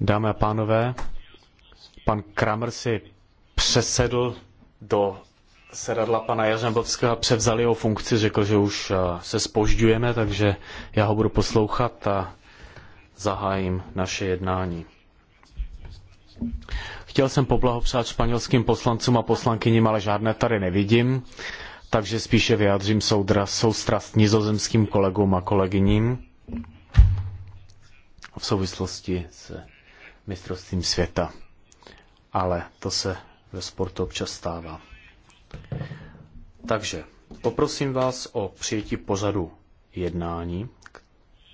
Dámy a pánové, pan Kramer si přesedl do sedadla pana Jařembovského a převzal jeho funkci. Řekl, že už eh, se spožďujeme, takže já ho budu poslouchat a zahájím naše jednání. Chtěl jsem poblahopřát španělským poslancům a poslankyním, ale žádné tady nevidím, takže spíše vyjádřím soudra, soustrast nizozemským kolegům a kolegyním v souvislosti s mistrovstvím světa. Ale to se ve sportu občas stává. Takže poprosím vás o přijetí pořadu jednání,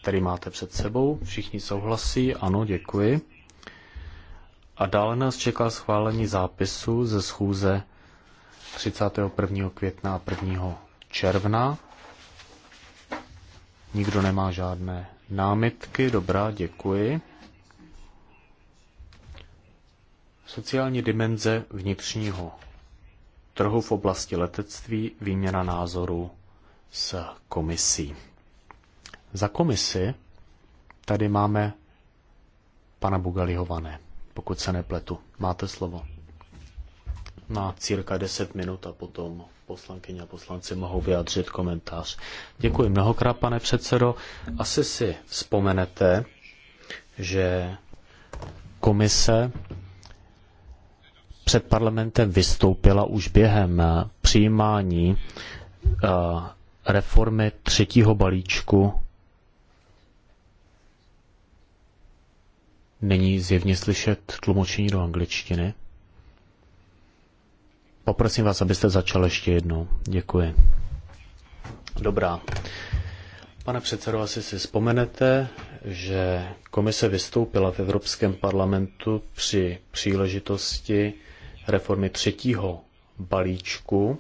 který máte před sebou. Všichni souhlasí, ano, děkuji. A dále nás čeká schválení zápisu ze schůze 31. května a 1. června. Nikdo nemá žádné Námitky, dobrá, děkuji. Sociální dimenze vnitřního trhu v oblasti letectví, výměna názorů s komisí. Za komisi tady máme pana Bugalihované, pokud se nepletu. Máte slovo. Na cirka 10 minut a potom poslankyně a poslanci mohou vyjádřit komentář. Děkuji mnohokrát, pane předsedo. Asi si vzpomenete, že komise před parlamentem vystoupila už během přijímání eh, reformy třetího balíčku. Není zjevně slyšet tlumočení do angličtiny. Poprosím vás, abyste začal ještě jednou. Děkuji. Dobrá. Pane předsedo, asi si vzpomenete, že komise vystoupila v Evropském parlamentu při příležitosti reformy třetího balíčku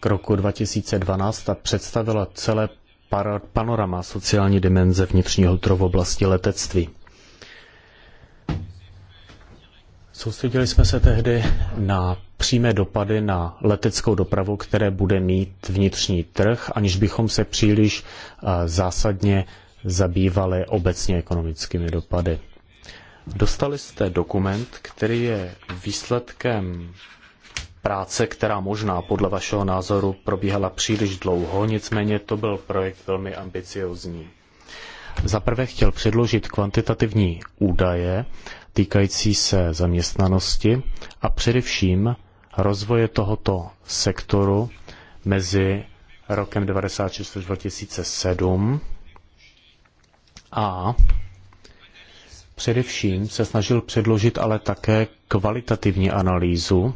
k roku 2012 a představila celé panorama sociální dimenze vnitřního trhu v oblasti letectví. Soustředili jsme se tehdy na přímé dopady na leteckou dopravu, které bude mít vnitřní trh, aniž bychom se příliš eh, zásadně zabývali obecně ekonomickými dopady. Dostali jste dokument, který je výsledkem práce, která možná podle vašeho názoru probíhala příliš dlouho, nicméně to byl projekt velmi ambiciozní. Zaprvé chtěl předložit kvantitativní údaje týkající se zaměstnanosti a především rozvoje tohoto sektoru mezi rokem 1996 2007 a především se snažil předložit ale také kvalitativní analýzu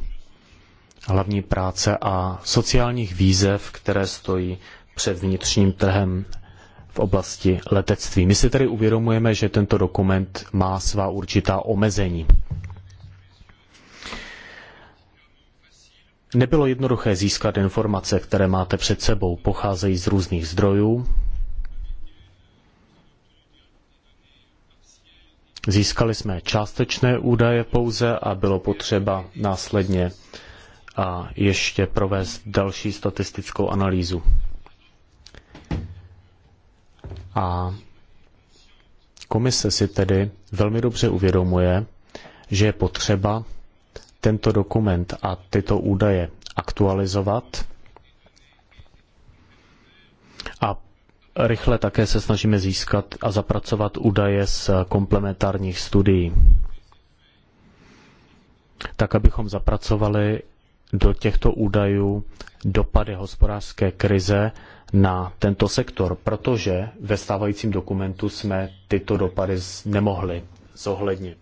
hlavní práce a sociálních výzev, které stojí před vnitřním trhem v oblasti letectví. My si tedy uvědomujeme, že tento dokument má svá určitá omezení. Nebylo jednoduché získat informace, které máte před sebou, pocházejí z různých zdrojů. Získali jsme částečné údaje pouze a bylo potřeba následně a ještě provést další statistickou analýzu. A komise si tedy velmi dobře uvědomuje, že je potřeba tento dokument a tyto údaje aktualizovat a rychle také se snažíme získat a zapracovat údaje z komplementárních studií, tak abychom zapracovali do těchto údajů dopady hospodářské krize na tento sektor, protože ve stávajícím dokumentu jsme tyto dopady nemohli zohlednit.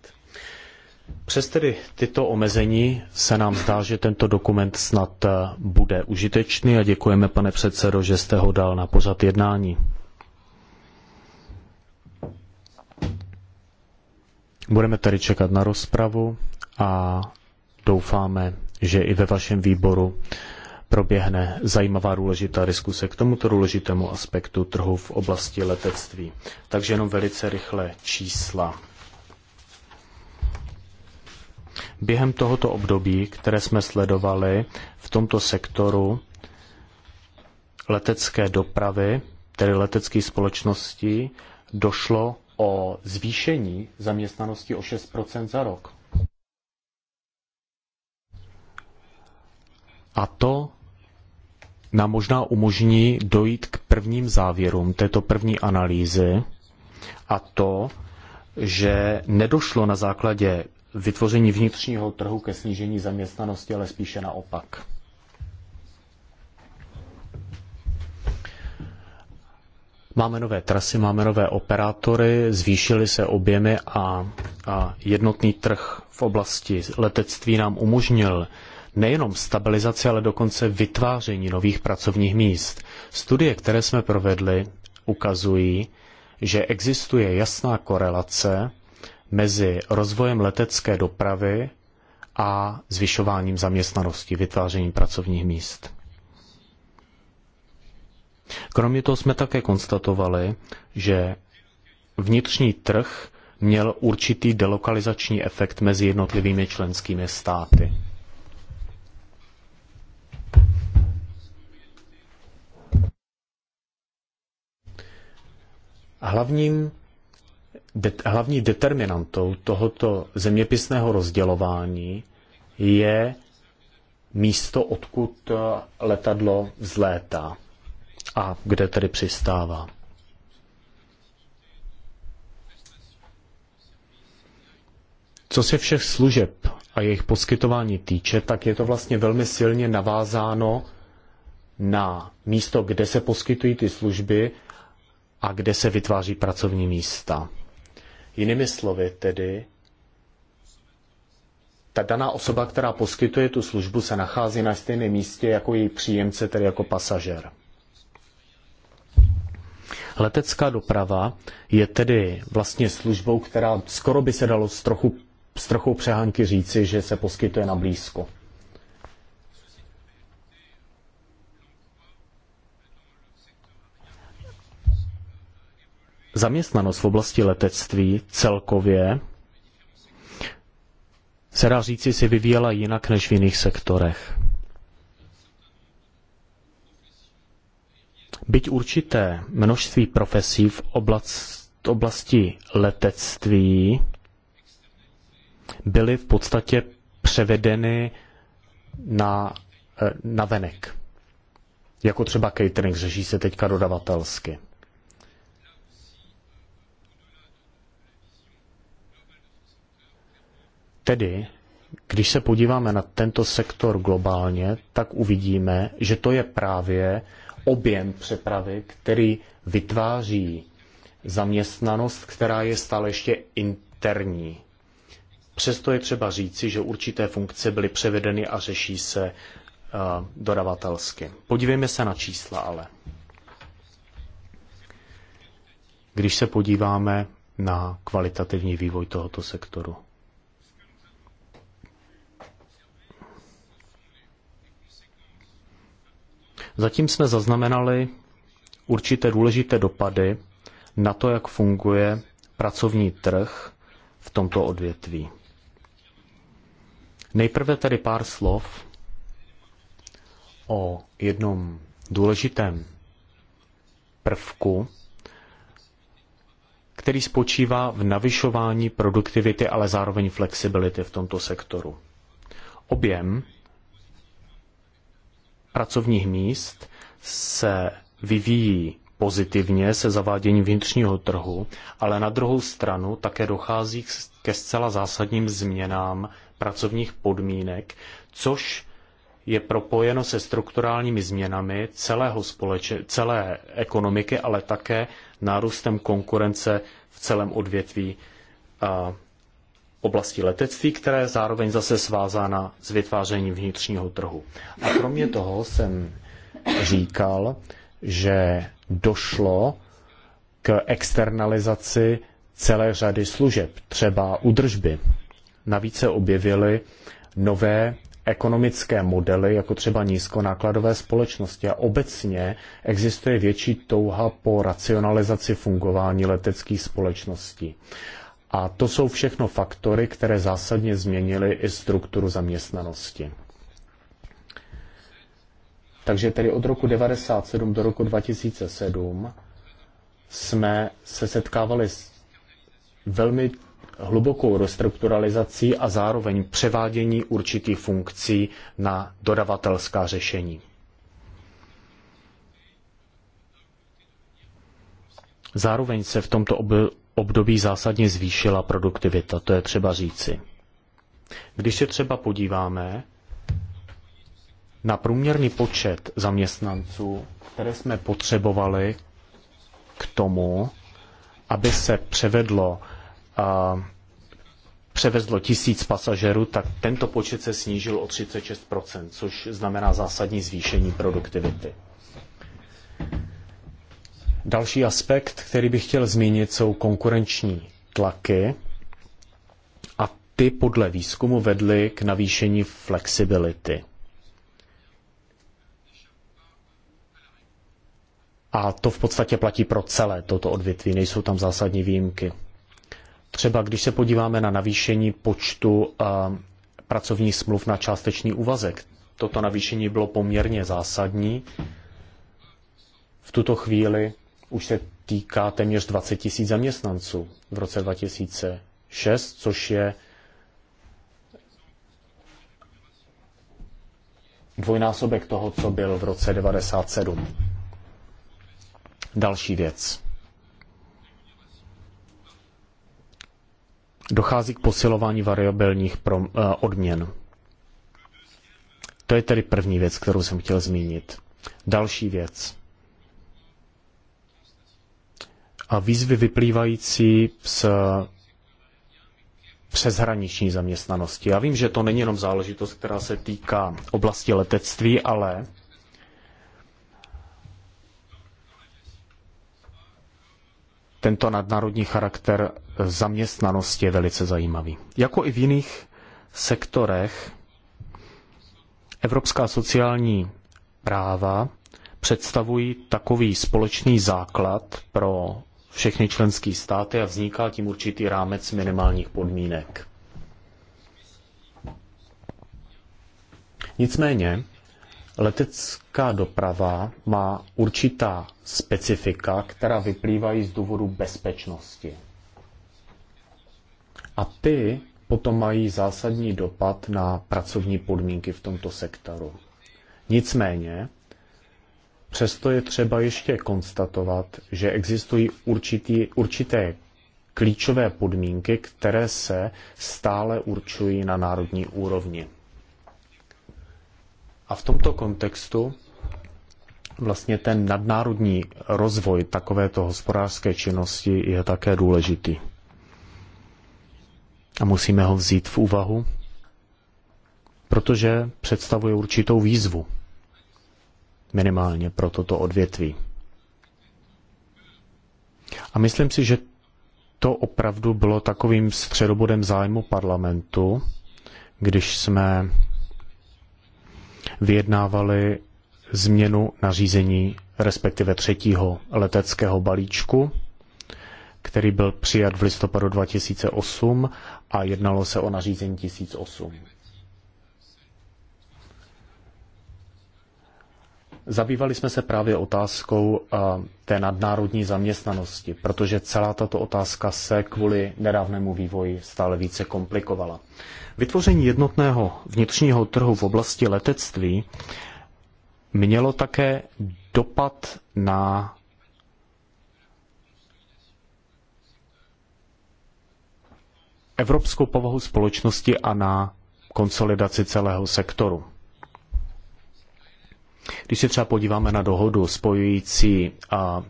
Přes tedy tyto omezení se nám zdá, že tento dokument snad eh, bude užitečný a děkujeme, pane předsedo, že jste ho dal na pořad jednání. Budeme tady čekat na rozpravu a doufáme, že i ve vašem výboru proběhne zajímavá důležitá diskuse k tomuto důležitému aspektu trhu v oblasti letectví. Takže jenom velice rychle čísla. Během tohoto období, které jsme sledovali v tomto sektoru letecké dopravy, tedy leteckých společností, došlo o zvýšení zaměstnanosti o 6 za rok. A to nám možná umožní dojít k prvním závěrům této první analýzy a to, že nedošlo na základě vytvoření vnitřního trhu ke snížení zaměstnanosti, ale spíše naopak. Máme nové trasy, máme nové operátory, zvýšily se objemy a, a jednotný trh v oblasti letectví nám umožnil nejenom stabilizaci, ale dokonce vytváření nových pracovních míst. Studie, které jsme provedli, ukazují, že existuje jasná korelace mezi rozvojem letecké dopravy a zvyšováním zaměstnanosti, vytvářením pracovních míst. Kromě toho jsme také konstatovali, že vnitřní trh měl určitý delokalizační efekt mezi jednotlivými členskými státy. Hlavním de, hlavní determinantou tohoto zeměpisného rozdělování je místo, odkud eh, letadlo vzlétá a kde tedy přistává. Co se všech služeb a jejich poskytování týče, tak je to vlastně velmi silně navázáno na místo, kde se poskytují ty služby a kde se vytváří pracovní místa. Jinými slovy tedy, ta daná osoba, která poskytuje tu službu, se nachází na stejném místě jako její příjemce, tedy jako pasažer. Letecká doprava je tedy vlastně službou, která skoro by se dalo trochu s trochou přehánky říci, že se poskytuje na blízko. Zaměstnanost v oblasti letectví celkově se dá říci, si vyvíjela jinak než v jiných sektorech. Byť určité množství profesí v oblasti letectví byly v podstatě převedeny na, eh, na venek. Jako třeba catering řeší se teďka dodavatelsky. Tedy, když se podíváme na tento sektor globálně, tak uvidíme, že to je právě objem přepravy, který vytváří zaměstnanost, která je stále ještě interní Přesto je třeba říci, že určité funkce byly převedeny a řeší se eh, dodavatelsky. Podívejme se na čísla ale. Když se podíváme na kvalitativní vývoj tohoto sektoru. Zatím jsme zaznamenali určité důležité dopady na to, jak funguje pracovní trh v tomto odvětví. Nejprve tedy pár slov o jednom důležitém prvku, který spočívá v navyšování produktivity, ale zároveň flexibility v tomto sektoru. Objem pracovních míst se vyvíjí pozitivně se zaváděním vnitřního trhu, ale na druhou stranu také dochází ke zcela zásadním změnám pracovních podmínek, což je propojeno se strukturálními změnami celého společe, celé ekonomiky, ale také nárůstem konkurence v celém odvětví a oblasti letectví, které je zároveň zase svázána s vytvářením vnitřního trhu. A kromě toho jsem říkal, že došlo k externalizaci celé řady služeb, třeba údržby Navíc se objevily nové ekonomické modely, jako třeba nízkonákladové společnosti. A obecně existuje větší touha po racionalizaci fungování leteckých společností. A to jsou všechno faktory, které zásadně změnily i strukturu zaměstnanosti. Takže tedy od roku 1997 do roku 2007 jsme se setkávali s velmi hlubokou restrukturalizací a zároveň převádění určitých funkcí na dodavatelská řešení. Zároveň se v tomto období zásadně zvýšila produktivita, to je třeba říci. Když se třeba podíváme na průměrný počet zaměstnanců, které jsme potřebovali k tomu, aby se převedlo převezlo tisíc pasažerů, tak tento počet se snížil o 36%, což znamená zásadní zvýšení produktivity. Další aspekt, který bych chtěl zmínit, jsou konkurenční tlaky a ty podle výzkumu vedly k navýšení flexibility. A to v podstatě platí pro celé toto odvětví, nejsou tam zásadní výjimky. Třeba když se podíváme na navýšení počtu eh, pracovních smluv na částečný úvazek, toto navýšení bylo poměrně zásadní. V tuto chvíli už se týká téměř 20 tisíc zaměstnanců v roce 2006, což je dvojnásobek toho, co byl v roce 1997. Další věc. dochází k posilování variabilních eh, odměn. To je tedy první věc, kterou jsem chtěl zmínit. Další věc. A výzvy vyplývající z přeshraniční zaměstnanosti. Já vím, že to není jenom záležitost, která se týká oblasti letectví, ale tento nadnárodní charakter zaměstnanosti je velice zajímavý. Jako i v jiných sektorech evropská sociální práva představují takový společný základ pro všechny členské státy a vzniká tím určitý rámec minimálních podmínek. Nicméně, Letecká doprava má určitá specifika, která vyplývají z důvodu bezpečnosti. A ty potom mají zásadní dopad na pracovní podmínky v tomto sektoru. Nicméně, přesto je třeba ještě konstatovat, že existují určitý, určité klíčové podmínky, které se stále určují na národní úrovni. A v tomto kontextu vlastně ten nadnárodní rozvoj takovéto hospodářské činnosti je také důležitý. A musíme ho vzít v úvahu, protože představuje určitou výzvu, minimálně pro toto odvětví. A myslím si, že to opravdu bylo takovým středobodem zájmu parlamentu, když jsme vyjednávali změnu nařízení, respektive třetího leteckého balíčku, který byl přijat v listopadu 2008 a jednalo se o nařízení 1008. Zabývali jsme se právě otázkou eh, té nadnárodní zaměstnanosti, protože celá tato otázka se kvůli nedávnému vývoji stále více komplikovala. Vytvoření jednotného vnitřního trhu v oblasti letectví mělo také dopad na evropskou povahu společnosti a na konsolidaci celého sektoru. Když se třeba podíváme na dohodu spojující a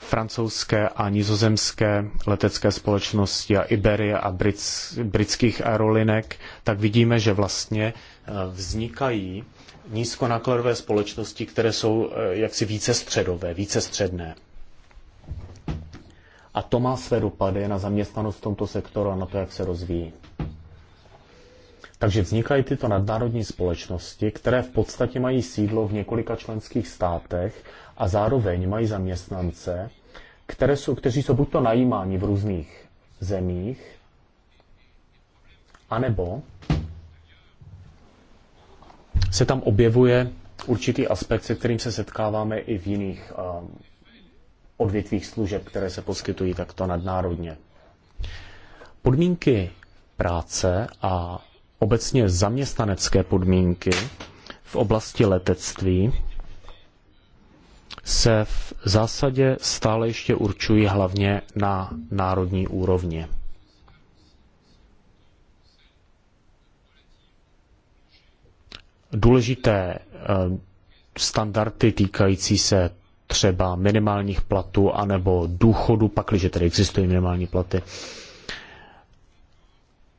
francouzské a nizozemské letecké společnosti a Iberia a Brits, britských aerolinek, tak vidíme, že vlastně eh, vznikají nízkonákladové společnosti, které jsou eh, jaksi více středové, více středné. A to má své dopady na zaměstnanost v tomto sektoru a na to, jak se rozvíjí. Takže vznikají tyto nadnárodní společnosti, které v podstatě mají sídlo v několika členských státech a zároveň mají zaměstnance, které jsou, kteří jsou buďto najímáni v různých zemích, anebo se tam objevuje určitý aspekt, se kterým se setkáváme i v jiných um, odvětvích služeb, které se poskytují takto nadnárodně. Podmínky práce a obecně zaměstnanecké podmínky v oblasti letectví se v zásadě stále ještě určují hlavně na národní úrovni. Důležité eh, standardy týkající se třeba minimálních platů anebo důchodu, pakliže tedy existují minimální platy,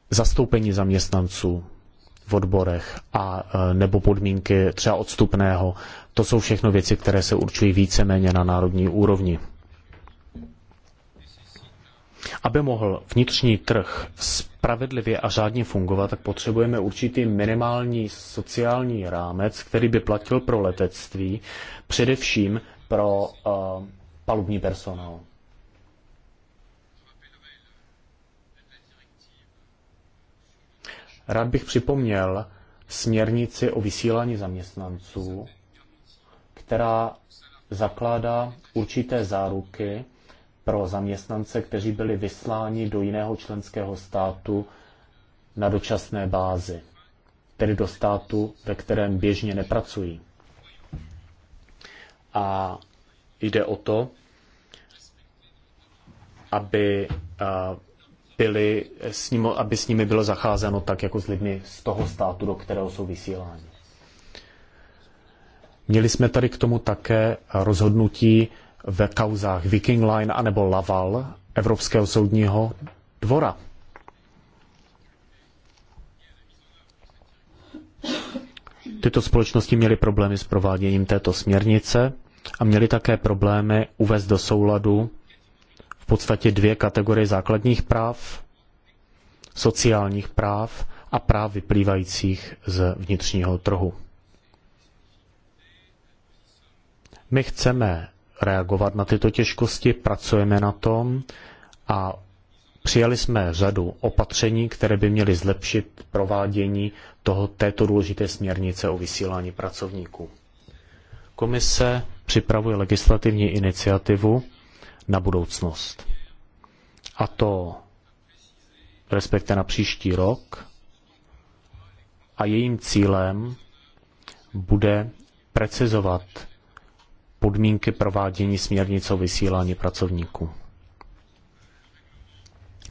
zastoupení zaměstnanců, v odborech a e, nebo podmínky třeba odstupného. To jsou všechno věci, které se určují víceméně na národní úrovni. Aby mohl vnitřní trh spravedlivě a řádně fungovat, tak potřebujeme určitý minimální sociální rámec, který by platil pro letectví, především pro uh, palubní personál. Rád bych připomněl směrnici o vysílání zaměstnanců, která zakládá určité záruky pro zaměstnance, kteří byli vysláni do jiného členského státu na dočasné bázi, tedy do státu, ve kterém běžně nepracují. A jde o to, aby byli s nimi, aby s nimi bylo zacházeno tak, jako s lidmi z toho státu, do kterého jsou vysíláni. Měli jsme tady k tomu také rozhodnutí ve kauzách Viking Line anebo Laval Evropského soudního dvora. Tyto společnosti měly problémy s prováděním této směrnice a měly také problémy uvést do souladu podstatě dvě kategorie základních práv, sociálních práv a práv vyplývajících z vnitřního trhu. My chceme reagovat na tyto těžkosti, pracujeme na tom a přijali jsme řadu opatření, které by měly zlepšit provádění toho, této důležité směrnice o vysílání pracovníků. Komise připravuje legislativní iniciativu na budoucnost a to respektive na příští rok a jejím cílem bude precizovat podmínky provádění směrnice o vysílání pracovníků.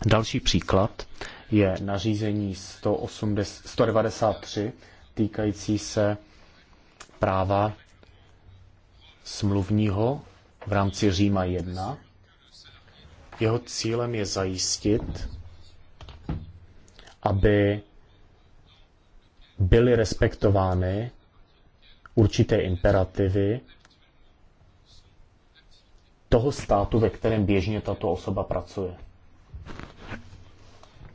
Další příklad je nařízení 180, 193 týkající se práva smluvního v rámci Říma 1 jeho cílem je zajistit, aby byly respektovány určité imperativy toho státu, ve kterém běžně tato osoba pracuje.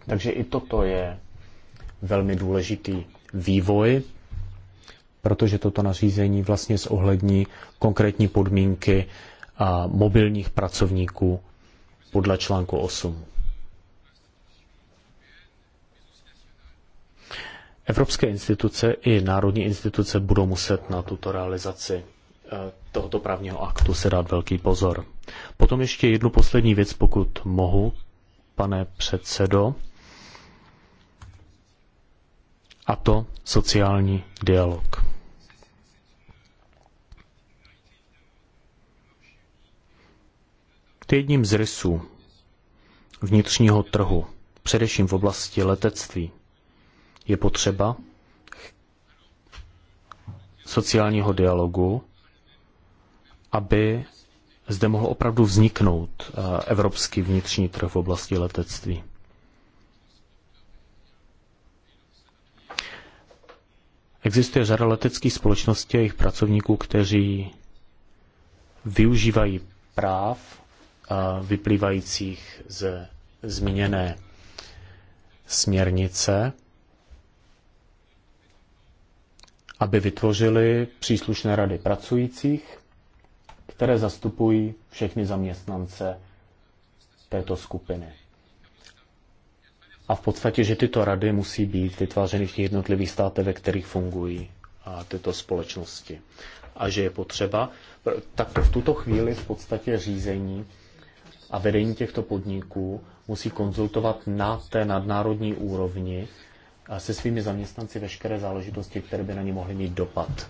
Takže i toto je velmi důležitý vývoj, protože toto nařízení vlastně zohlední konkrétní podmínky mobilních pracovníků podle článku 8. Evropské instituce i národní instituce budou muset na tuto realizaci eh, tohoto právního aktu se dát velký pozor. Potom ještě jednu poslední věc, pokud mohu, pane předsedo, a to sociální dialog. jedním z rysů vnitřního trhu, především v oblasti letectví. Je potřeba sociálního dialogu, aby zde mohl opravdu vzniknout eh, evropský vnitřní trh v oblasti letectví. Existuje řada leteckých společností a jejich pracovníků, kteří využívají práv vyplývajících ze zmíněné směrnice, aby vytvořili příslušné rady pracujících, které zastupují všechny zaměstnance této skupiny. A v podstatě, že tyto rady musí být vytvářeny v těch jednotlivých státech, ve kterých fungují a tyto společnosti. A že je potřeba, tak v tuto chvíli v podstatě řízení a vedení těchto podniků musí konzultovat na té nadnárodní úrovni se svými zaměstnanci veškeré záležitosti, které by na ně mohly mít dopad.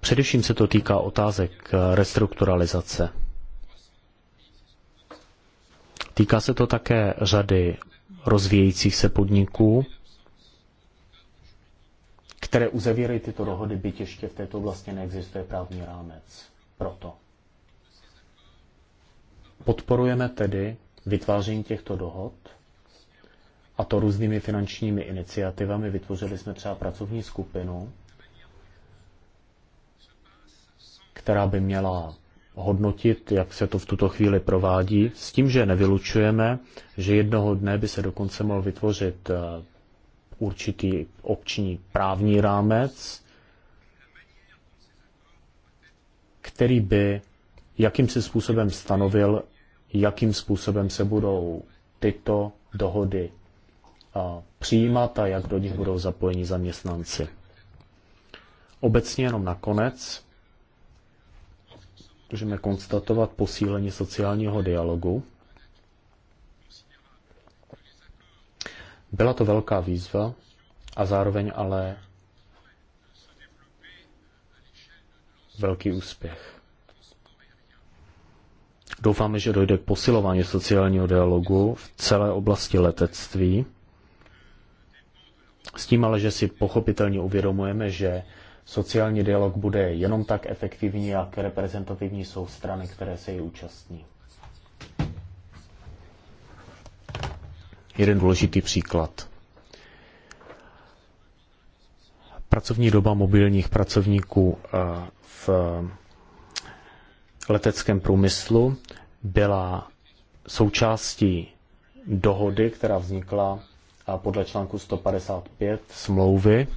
Především se to týká otázek restrukturalizace. Týká se to také řady rozvíjejících se podniků, které uzavírají tyto dohody, byť ještě v této oblasti neexistuje právní rámec. Proto podporujeme tedy vytváření těchto dohod, a to různými finančními iniciativami. Vytvořili jsme třeba pracovní skupinu, která by měla hodnotit, jak se to v tuto chvíli provádí, s tím, že nevylučujeme, že jednoho dne by se dokonce mohl vytvořit eh, určitý obční právní rámec, který by jakým se způsobem stanovil, jakým způsobem se budou tyto dohody přijímat a jak do nich budou zapojeni zaměstnanci. Obecně jenom nakonec můžeme konstatovat posílení sociálního dialogu Byla to velká výzva a zároveň ale velký úspěch. Doufáme, že dojde k posilování sociálního dialogu v celé oblasti letectví. S tím ale, že si pochopitelně uvědomujeme, že sociální dialog bude jenom tak efektivní, jak reprezentativní jsou strany, které se jej účastní. jeden důležitý příklad. Pracovní doba mobilních pracovníků eh, v eh, leteckém průmyslu byla součástí dohody, která vznikla eh, podle článku 155 smlouvy.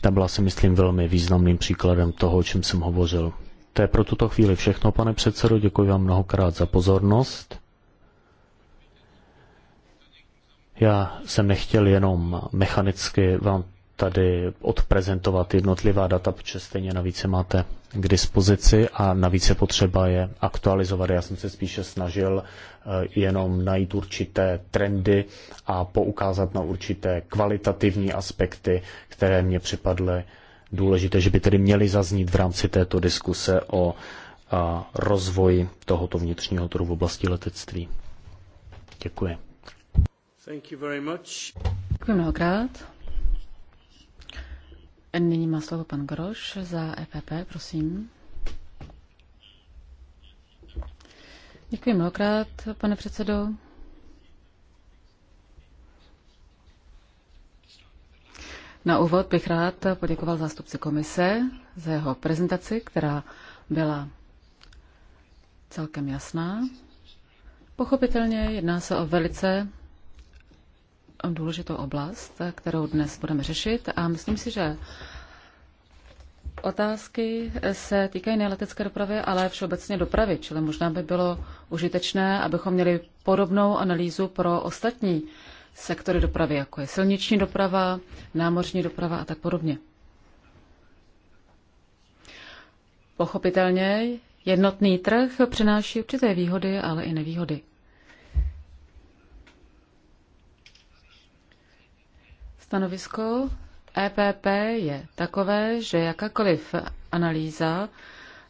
Ta byla si myslím velmi významným příkladem toho, o čem jsem hovořil. To je pro tuto chvíli všechno, pane předsedo. Děkuji vám mnohokrát za pozornost. Já jsem nechtěl jenom mechanicky vám tady odprezentovat jednotlivá data, protože stejně navíc je máte k dispozici a navíc je potřeba je aktualizovat. Já jsem se spíše snažil eh, jenom najít určité trendy a poukázat na určité kvalitativní aspekty, které mě připadly důležité, že by tedy měly zaznít v rámci této diskuse o eh, rozvoji tohoto vnitřního trhu v oblasti letectví. Děkuji. Děkuji mnohokrát. Nyní má slovo pan Groš za EPP, prosím. Děkuji mnohokrát, pane předsedo. Na úvod bych rád poděkoval zástupci komise za jeho prezentaci, která byla celkem jasná. Pochopitelně jedná se o velice důležitou oblast, kterou dnes budeme řešit a myslím si, že otázky se týkají ne letecké dopravy, ale všeobecně dopravy, čili možná by bylo užitečné, abychom měli podobnou analýzu pro ostatní sektory dopravy, jako je silniční doprava, námořní doprava a tak podobně. Pochopitelně jednotný trh přináší určité výhody, ale i nevýhody. Stanovisko EPP je takové, že jakákoliv analýza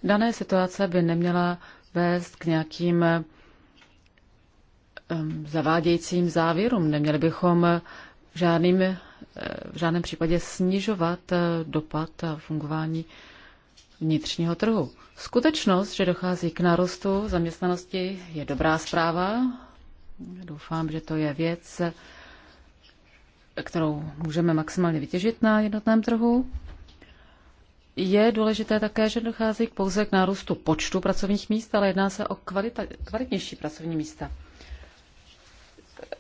dané situace by neměla vést k nějakým zavádějícím závěrům. Neměli bychom v, žádným, eh, v žádném případě snižovat eh, dopad a fungování vnitřního trhu. Skutečnost, že dochází k nárostu zaměstnanosti, je dobrá zpráva. Doufám, že to je věc, kterou můžeme maximálně vytěžit na jednotném trhu. Je důležité také, že dochází pouze k nárůstu počtu pracovních míst, ale jedná se o kvalita, kvalitnější pracovní místa.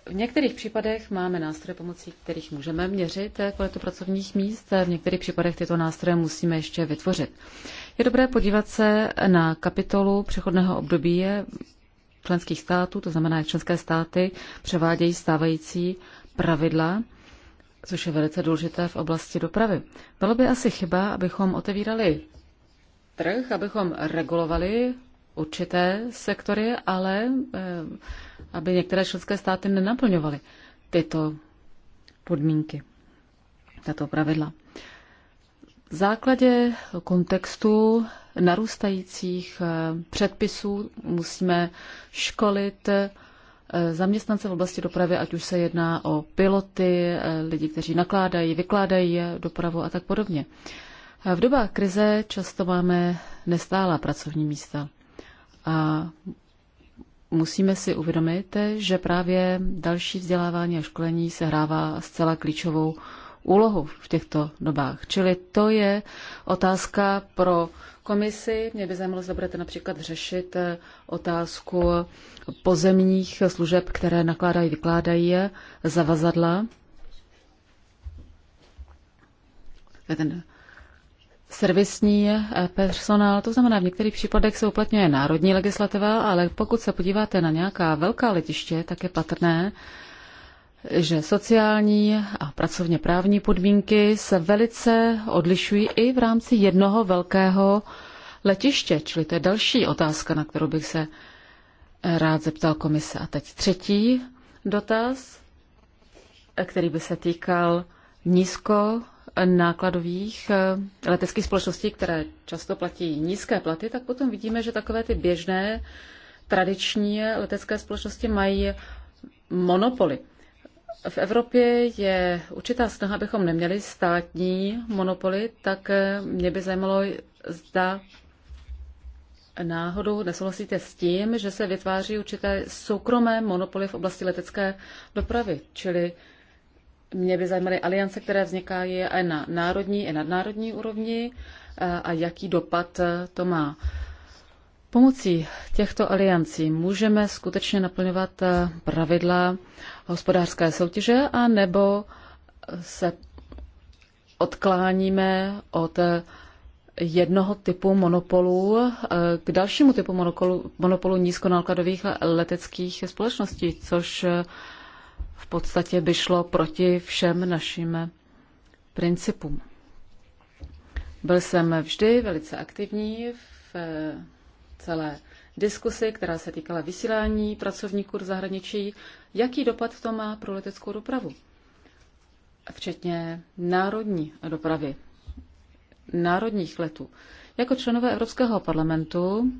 V některých případech máme nástroje, pomocí kterých můžeme měřit kvalitu pracovních míst, v některých případech tyto nástroje musíme ještě vytvořit. Je dobré podívat se na kapitolu přechodného období členských států, to znamená, jak členské státy převádějí stávající pravidla což je velice důležité v oblasti dopravy. Bylo by asi chyba, abychom otevírali trh, abychom regulovali určité sektory, ale eh, aby některé členské státy nenaplňovaly tyto podmínky, tato pravidla. V základě kontextu narůstajících eh, předpisů musíme školit eh, zaměstnance v oblasti dopravy, ať už se jedná o piloty, eh, lidi, kteří nakládají, vykládají dopravu a tak podobně. V dobách krize často máme nestálá pracovní místa a musíme si uvědomit, že právě další vzdělávání a školení sehrává zcela klíčovou úlohu v těchto dobách. Čili to je otázka pro komisi. Mě by zajímalo, zda budete například řešit eh, otázku pozemních služeb, které nakládají, vykládají zavazadla. Ten servisní eh, personál, to znamená, v některých případech se uplatňuje národní legislativa, ale pokud se podíváte na nějaká velká letiště, tak je patrné, že sociální a pracovně právní podmínky se velice odlišují i v rámci jednoho velkého letiště, čili to je další otázka, na kterou bych se rád zeptal komise. A teď třetí dotaz, který by se týkal nízko nákladových eh, leteckých společností, které často platí nízké platy, tak potom vidíme, že takové ty běžné tradiční letecké společnosti mají monopoly v Evropě je určitá snaha, abychom neměli státní monopoly, tak mě by zajímalo, zda náhodou nesouhlasíte s tím, že se vytváří určité soukromé monopoly v oblasti letecké dopravy, čili mě by zajímaly aliance, které vznikají i na národní, i nadnárodní úrovni a jaký dopad to má. Pomocí těchto aliancí můžeme skutečně naplňovat pravidla hospodářské soutěže, a nebo se odkláníme od jednoho typu monopolu eh, k dalšímu typu monopolu, monopolu nízkonákladových leteckých společností, což eh, v podstatě by šlo proti všem našim principům. Byl jsem vždy velice aktivní v eh, celé diskusi, která se týkala vysílání pracovníků do zahraničí, jaký dopad to má pro leteckou dopravu, včetně národní dopravy, národních letů. Jako členové Evropského parlamentu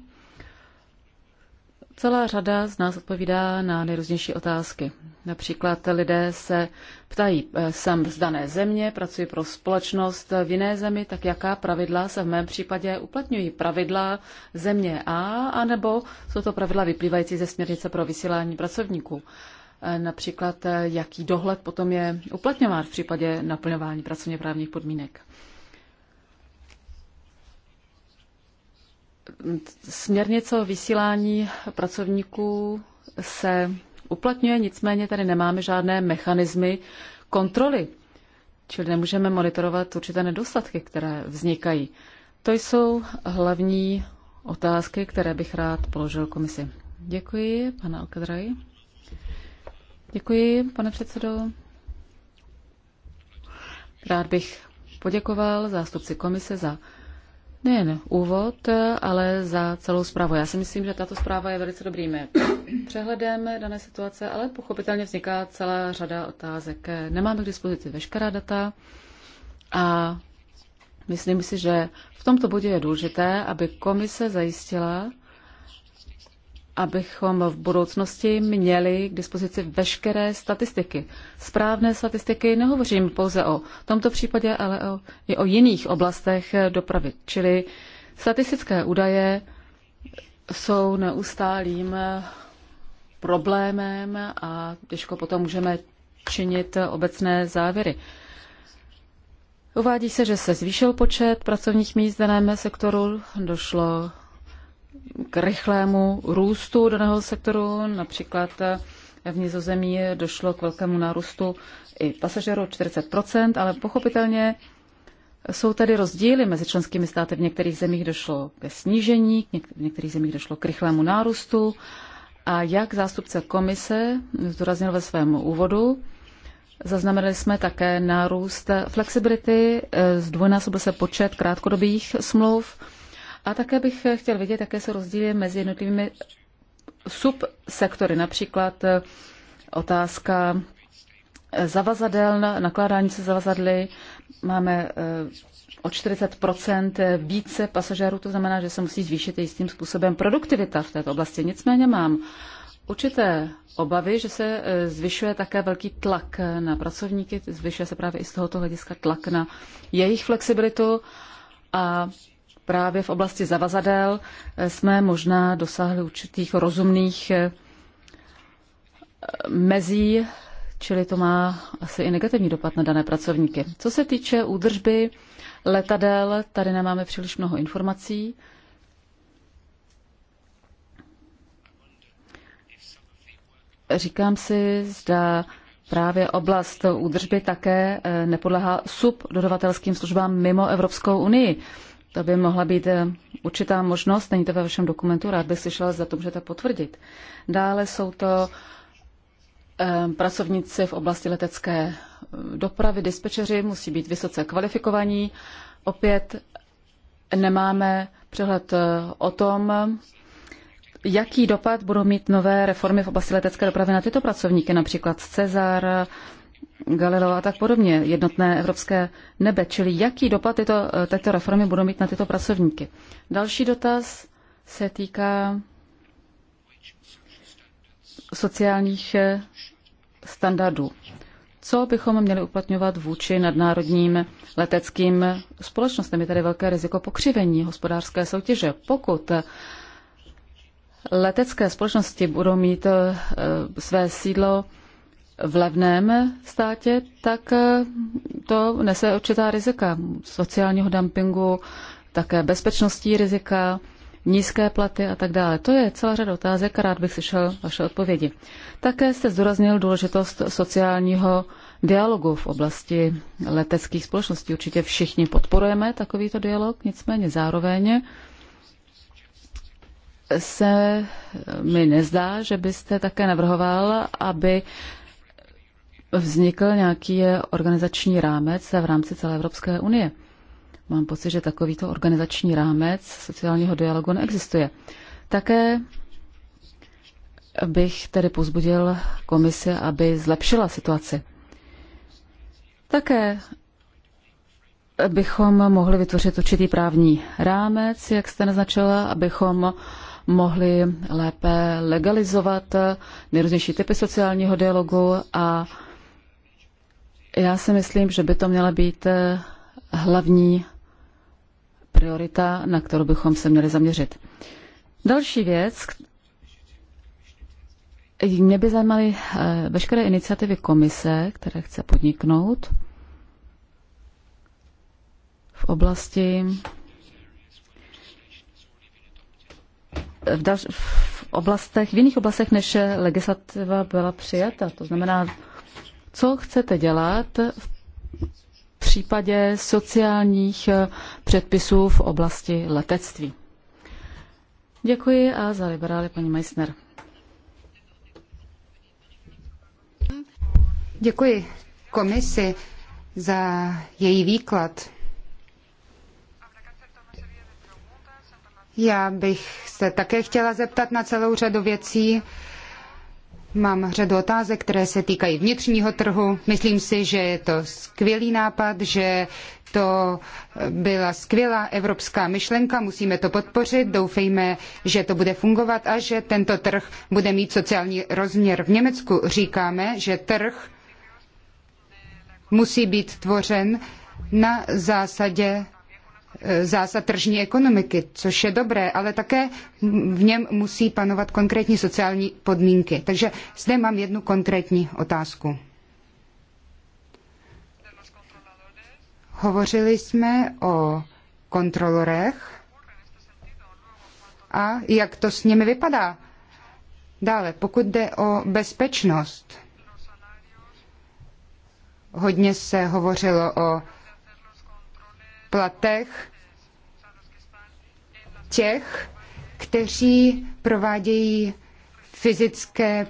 Celá řada z nás odpovídá na nejrůznější otázky. Například lidé se ptají, eh, jsem z dané země, pracuji pro společnost v jiné zemi, tak jaká pravidla se v mém případě uplatňují? Pravidla země A, anebo jsou to pravidla vyplývající ze směrnice pro vysílání pracovníků? Eh, například, eh, jaký dohled potom je uplatňován v případě naplňování pracovně právních podmínek? Směrnice o vysílání pracovníků se uplatňuje, nicméně tady nemáme žádné mechanismy kontroly, čili nemůžeme monitorovat určité nedostatky, které vznikají. To jsou hlavní otázky, které bych rád položil komisi. Děkuji, pana alkadraji. Děkuji, pane předsedo. Rád bych poděkoval zástupci komise za nejen úvod, ale za celou zprávu. Já si myslím, že tato zpráva je velice dobrým přehledem dané situace, ale pochopitelně vzniká celá řada otázek. Nemáme k dispozici veškerá data a myslím si, že v tomto bodě je důležité, aby komise zajistila, abychom v budoucnosti měli k dispozici veškeré statistiky. Správné statistiky nehovořím pouze o tomto případě, ale o, i o jiných oblastech dopravy. Čili statistické údaje jsou neustálým problémem a těžko potom můžeme činit obecné závěry. Uvádí se, že se zvýšil počet pracovních míst v daném sektoru, došlo k rychlému růstu daného sektoru. Například eh, v Nizozemí došlo k velkému nárůstu i pasažerů 40 ale pochopitelně jsou tady rozdíly mezi členskými státy. V některých zemích došlo ke snížení, v některých zemích došlo k rychlému nárůstu. A jak zástupce komise zdůraznil ve svém úvodu, zaznamenali jsme také nárůst flexibility, eh, zdvojnásobil se počet krátkodobých smluv, a také bych chtěl vidět jaké jsou rozdíly mezi jednotlivými subsektory, například eh, otázka eh, zavazadel, nakládání se zavazadly. Máme eh, o 40 více pasažérů, to znamená, že se musí zvýšit jistým způsobem produktivita v této oblasti. Nicméně mám určité obavy, že se zvyšuje také velký tlak na pracovníky, zvyšuje se právě i z tohoto hlediska tlak na jejich flexibilitu a právě v oblasti zavazadel eh, jsme možná dosáhli určitých rozumných eh, mezí, čili to má asi i negativní dopad na dané pracovníky. Co se týče údržby letadel, tady nemáme příliš mnoho informací. Říkám si, zda právě oblast údržby také eh, nepodlehá subdodavatelským službám mimo Evropskou unii. To by mohla být eh, určitá možnost, není to ve vašem dokumentu, rád bych slyšela, za to můžete potvrdit. Dále jsou to eh, pracovníci v oblasti letecké eh, dopravy, dispečeři, musí být vysoce kvalifikovaní. Opět nemáme přehled o tom, jaký dopad budou mít nové reformy v oblasti letecké dopravy na tyto pracovníky, například Cezar, Galileo a tak podobně, jednotné evropské nebe, čili jaký dopad tyto, eh, tyto reformy budou mít na tyto pracovníky. Další dotaz se týká sociálních eh, standardů. Co bychom měli uplatňovat vůči nadnárodním leteckým společnostem? Je tady velké riziko pokřivení hospodářské soutěže. Pokud letecké společnosti budou mít eh, své sídlo v levném státě, tak eh, to nese určitá rizika sociálního dumpingu, také bezpečnostní rizika, nízké platy a tak dále. To je celá řada otázek a rád bych slyšel vaše odpovědi. Také jste zdůraznil důležitost sociálního dialogu v oblasti leteckých společností. Určitě všichni podporujeme takovýto dialog, nicméně zároveň se mi nezdá, že byste také navrhoval, aby vznikl nějaký organizační rámec v rámci celé Evropské unie. Mám pocit, že takovýto organizační rámec sociálního dialogu neexistuje. Také bych tedy pozbudil komise, aby zlepšila situaci. Také bychom mohli vytvořit určitý právní rámec, jak jste naznačila, abychom mohli lépe legalizovat nejrůznější typy sociálního dialogu a já si myslím, že by to měla být eh, hlavní priorita, na kterou bychom se měli zaměřit. Další věc, mě by zajímaly eh, veškeré iniciativy komise, které chce podniknout v oblasti v, daž, v oblastech, v jiných oblastech, než legislativa byla přijata. To znamená co chcete dělat v případě sociálních eh, předpisů v oblasti letectví? Děkuji a za liberály paní Meissner. Děkuji komisi za její výklad. Já bych se také chtěla zeptat na celou řadu věcí, Mám řadu otázek, které se týkají vnitřního trhu. Myslím si, že je to skvělý nápad, že to byla skvělá evropská myšlenka, musíme to podpořit, doufejme, že to bude fungovat a že tento trh bude mít sociální rozměr. V Německu říkáme, že trh musí být tvořen na zásadě E, zásad tržní ekonomiky, což je dobré, ale také v něm musí panovat konkrétní sociální podmínky. Takže zde mám jednu konkrétní otázku. Hovořili jsme o kontrolorech a jak to s nimi vypadá. Dále, pokud jde o bezpečnost, hodně se hovořilo o platech těch, kteří provádějí fyzické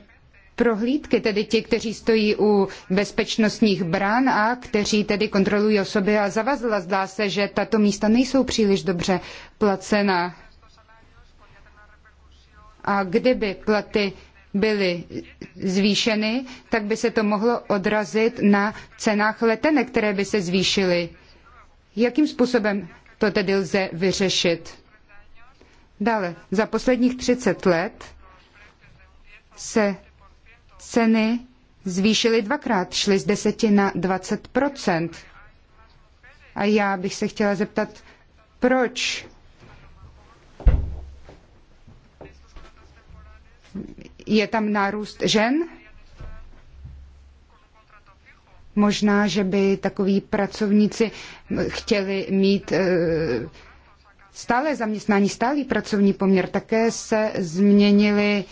prohlídky, tedy ti, kteří stojí u bezpečnostních brán a kteří tedy kontrolují osoby a zavazla. Zdá se, že tato místa nejsou příliš dobře placena. A kdyby platy byly zvýšeny, tak by se to mohlo odrazit na cenách letenek, které by se zvýšily. Jakým způsobem to tedy lze vyřešit? Dále, za posledních 30 let se ceny zvýšily dvakrát, šly z 10 na 20 A já bych se chtěla zeptat, proč je tam nárůst žen? Možná, že by takoví pracovníci chtěli mít eh, stále zaměstnání, stálý pracovní poměr. Také se změnily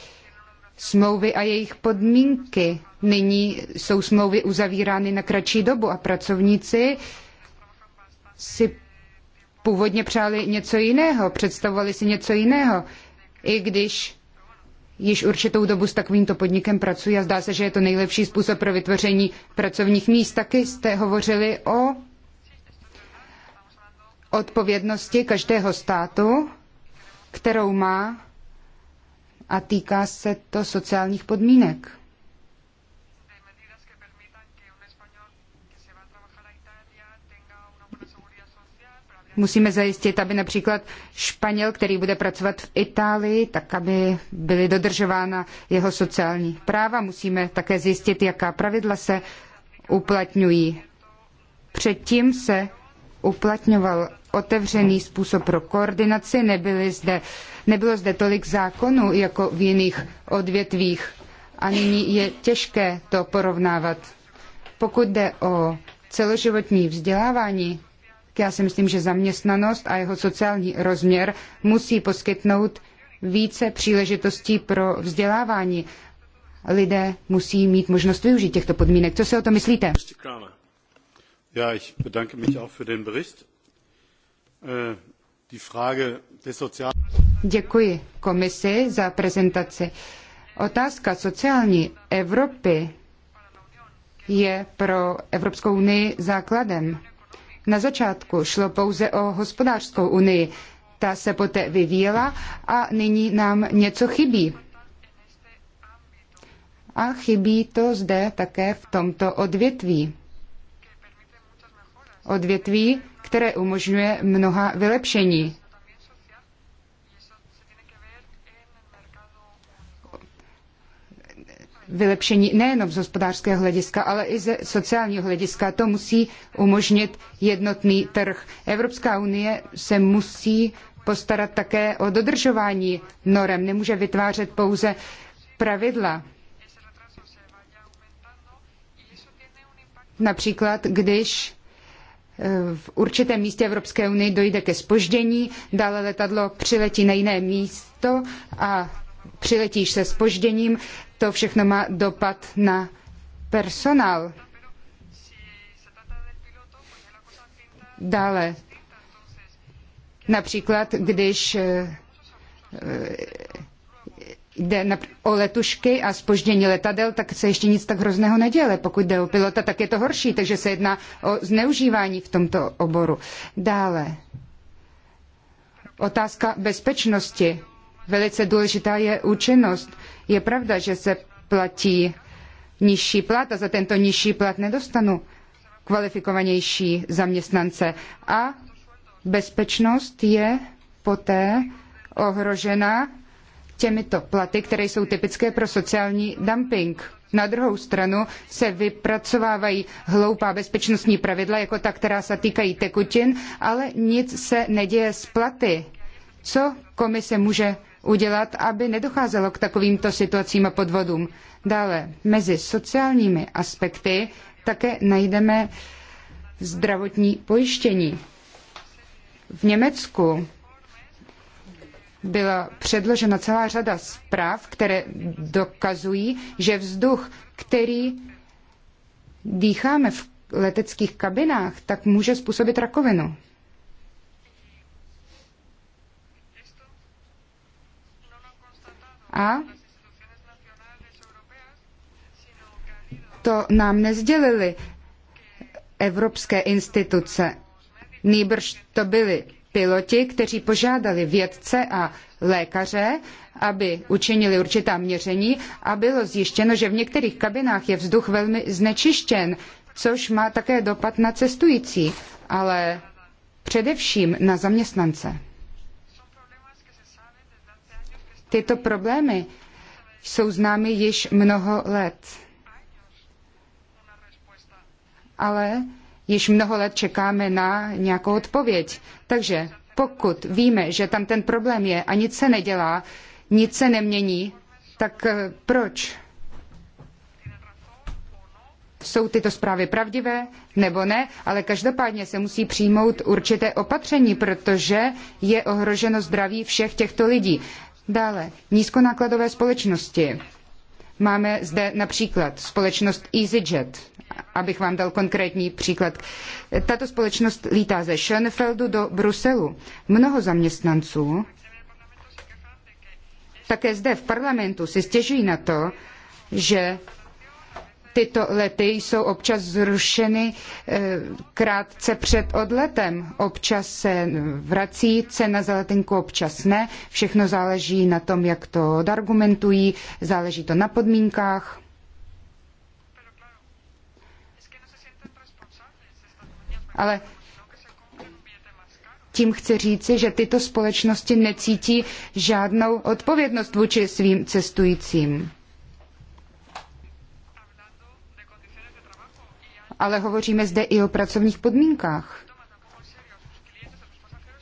smlouvy a jejich podmínky. Nyní jsou smlouvy uzavírány na kratší dobu a pracovníci si původně přáli něco jiného, představovali si něco jiného, i když již určitou dobu s takovýmto podnikem pracují a zdá se, že je to nejlepší způsob pro vytvoření pracovních míst. Taky jste hovořili o odpovědnosti každého státu, kterou má a týká se to sociálních podmínek. musíme zajistit, aby například Španěl, který bude pracovat v Itálii, tak aby byly dodržována jeho sociální práva. Musíme také zjistit, jaká pravidla se uplatňují. Předtím se uplatňoval otevřený způsob pro koordinaci, nebyly zde, nebylo zde tolik zákonů jako v jiných odvětvích a nyní je těžké to porovnávat. Pokud jde o celoživotní vzdělávání, já si myslím, že zaměstnanost a jeho sociální rozměr musí poskytnout více příležitostí pro vzdělávání. Lidé musí mít možnost využít těchto podmínek. Co si o to myslíte? ich bedanke mich auch für den Bericht. Äh, die Frage des Sozial Děkuji komisi za prezentaci. Otázka sociální Evropy je pro Evropskou unii základem. Na začátku šlo pouze o hospodářskou unii. Ta se poté vyvíjela a nyní nám něco chybí. A chybí to zde také v tomto odvětví. Odvětví, které umožňuje mnoha vylepšení. vylepšení nejenom z hospodářského hlediska, ale i ze sociálního hlediska. To musí umožnit jednotný trh. Evropská unie se musí postarat také o dodržování norem. Nemůže vytvářet pouze pravidla. Například, když eh, v určitém místě Evropské unie dojde ke spoždění, dále letadlo přiletí na jiné místo a přiletíš se spožděním, to všechno má dopad na personál. Dále, například když eh, eh, jde o letušky a spoždění letadel, tak se ještě nic tak hrozného neděle. Pokud jde o pilota, tak je to horší, takže se jedná o zneužívání v tomto oboru. Dále. Otázka bezpečnosti. Velice důležitá je účinnost. Je pravda, že se platí nižší plat a za tento nižší plat nedostanu kvalifikovanější zaměstnance. A bezpečnost je poté ohrožena těmito platy, které jsou typické pro sociální dumping. Na druhou stranu se vypracovávají hloupá bezpečnostní pravidla, jako ta, která se týkají tekutin, ale nic se neděje s platy. Co komise může udělat, aby nedocházelo k takovýmto situacím a podvodům. Dále, mezi sociálními aspekty také najdeme zdravotní pojištění. V Německu byla předložena celá řada zpráv, které dokazují, že vzduch, který dýcháme v leteckých kabinách, tak může způsobit rakovinu. A to nám nezdělili evropské instituce. Nýbrž to byli piloti, kteří požádali vědce a lékaře, aby učinili určitá měření a bylo zjištěno, že v některých kabinách je vzduch velmi znečištěn, což má také dopad na cestující, ale především na zaměstnance. Tyto problémy jsou známy již mnoho let. Ale již mnoho let čekáme na nějakou odpověď. Takže pokud víme, že tam ten problém je a nic se nedělá, nic se nemění, tak eh, proč? Jsou tyto zprávy pravdivé nebo ne, ale každopádně se musí přijmout určité opatření, protože je ohroženo zdraví všech těchto lidí. Dále, nízkonákladové společnosti. Máme zde například společnost EasyJet, abych vám dal konkrétní příklad. Tato společnost lítá ze Schönefeldu do Bruselu. Mnoho zaměstnanců také zde v parlamentu si stěžují na to, že tyto lety jsou občas zrušeny eh, krátce před odletem. Občas se vrací cena za letenku, občas ne. Všechno záleží na tom, jak to odargumentují, záleží to na podmínkách. Ale tím chci říci, že tyto společnosti necítí žádnou odpovědnost vůči svým cestujícím. ale hovoříme zde i o pracovních podmínkách.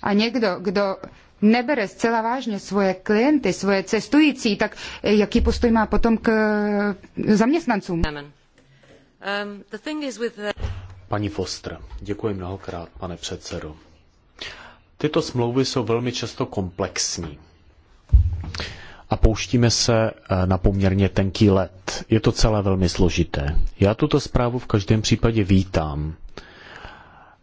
A někdo, kdo nebere zcela vážně svoje klienty, svoje cestující, tak eh, jaký postoj má potom k eh, zaměstnancům? Um, Paní Foster, děkuji mnohokrát, pane předsedo. Tyto smlouvy jsou velmi často komplexní a pouštíme se eh, na poměrně tenký let. Je to celé velmi složité. Já tuto zprávu v každém případě vítám.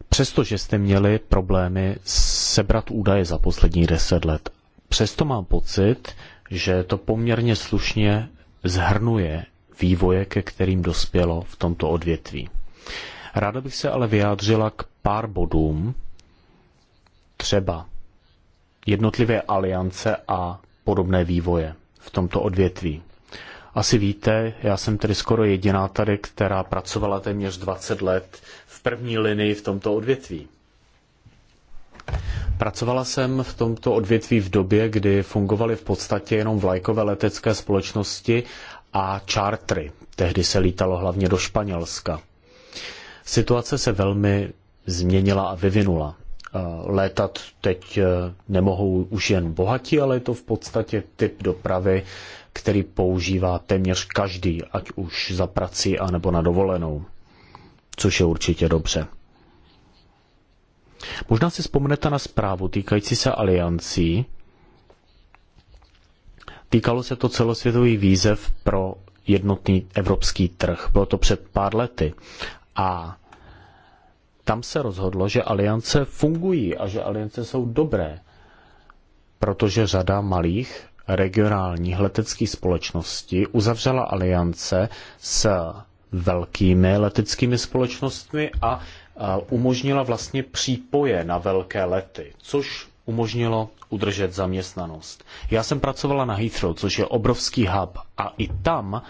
Přestože jste měli problémy sebrat údaje za poslední deset let, přesto mám pocit, že to poměrně slušně zhrnuje vývoje, ke kterým dospělo v tomto odvětví. Ráda bych se ale vyjádřila k pár bodům, třeba jednotlivé aliance a podobné vývoje v tomto odvětví. Asi víte, já jsem tedy skoro jediná tady, která pracovala téměř 20 let v první linii v tomto odvětví. Pracovala jsem v tomto odvětví v době, kdy fungovaly v podstatě jenom vlajkové letecké společnosti a čártry. Tehdy se lítalo hlavně do Španělska. Situace se velmi změnila a vyvinula létat teď e, nemohou už jen bohatí, ale je to v podstatě typ dopravy, který používá téměř každý, ať už za prací anebo na dovolenou, což je určitě dobře. Možná si vzpomenete na zprávu týkající se aliancí. Týkalo se to celosvětový výzev pro jednotný evropský trh. Bylo to před pár lety. A tam se rozhodlo, že aliance fungují a že aliance jsou dobré, protože řada malých regionálních leteckých společností uzavřela aliance s velkými leteckými společnostmi a umožnila vlastně přípoje na velké lety, což umožnilo udržet zaměstnanost. Já jsem pracovala na Heathrow, což je obrovský hub a i tam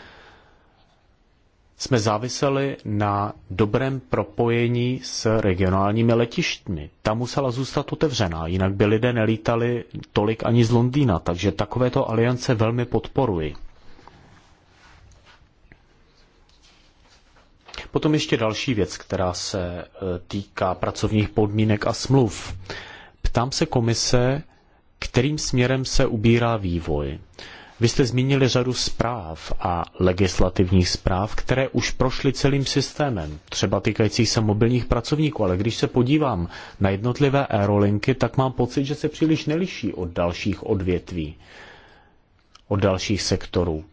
jsme záviseli na dobrém propojení s regionálními letištmi. Ta musela zůstat otevřená, jinak by lidé nelítali tolik ani z Londýna, takže takovéto aliance velmi podporuji. Potom ještě další věc, která se e, týká pracovních podmínek a smluv. Ptám se komise, kterým směrem se ubírá vývoj. Vy jste zmínili řadu zpráv a legislativních zpráv, které už prošly celým systémem, třeba týkajících se mobilních pracovníků, ale když se podívám na jednotlivé aerolinky, tak mám pocit, že se příliš neliší od dalších odvětví, od dalších sektorů.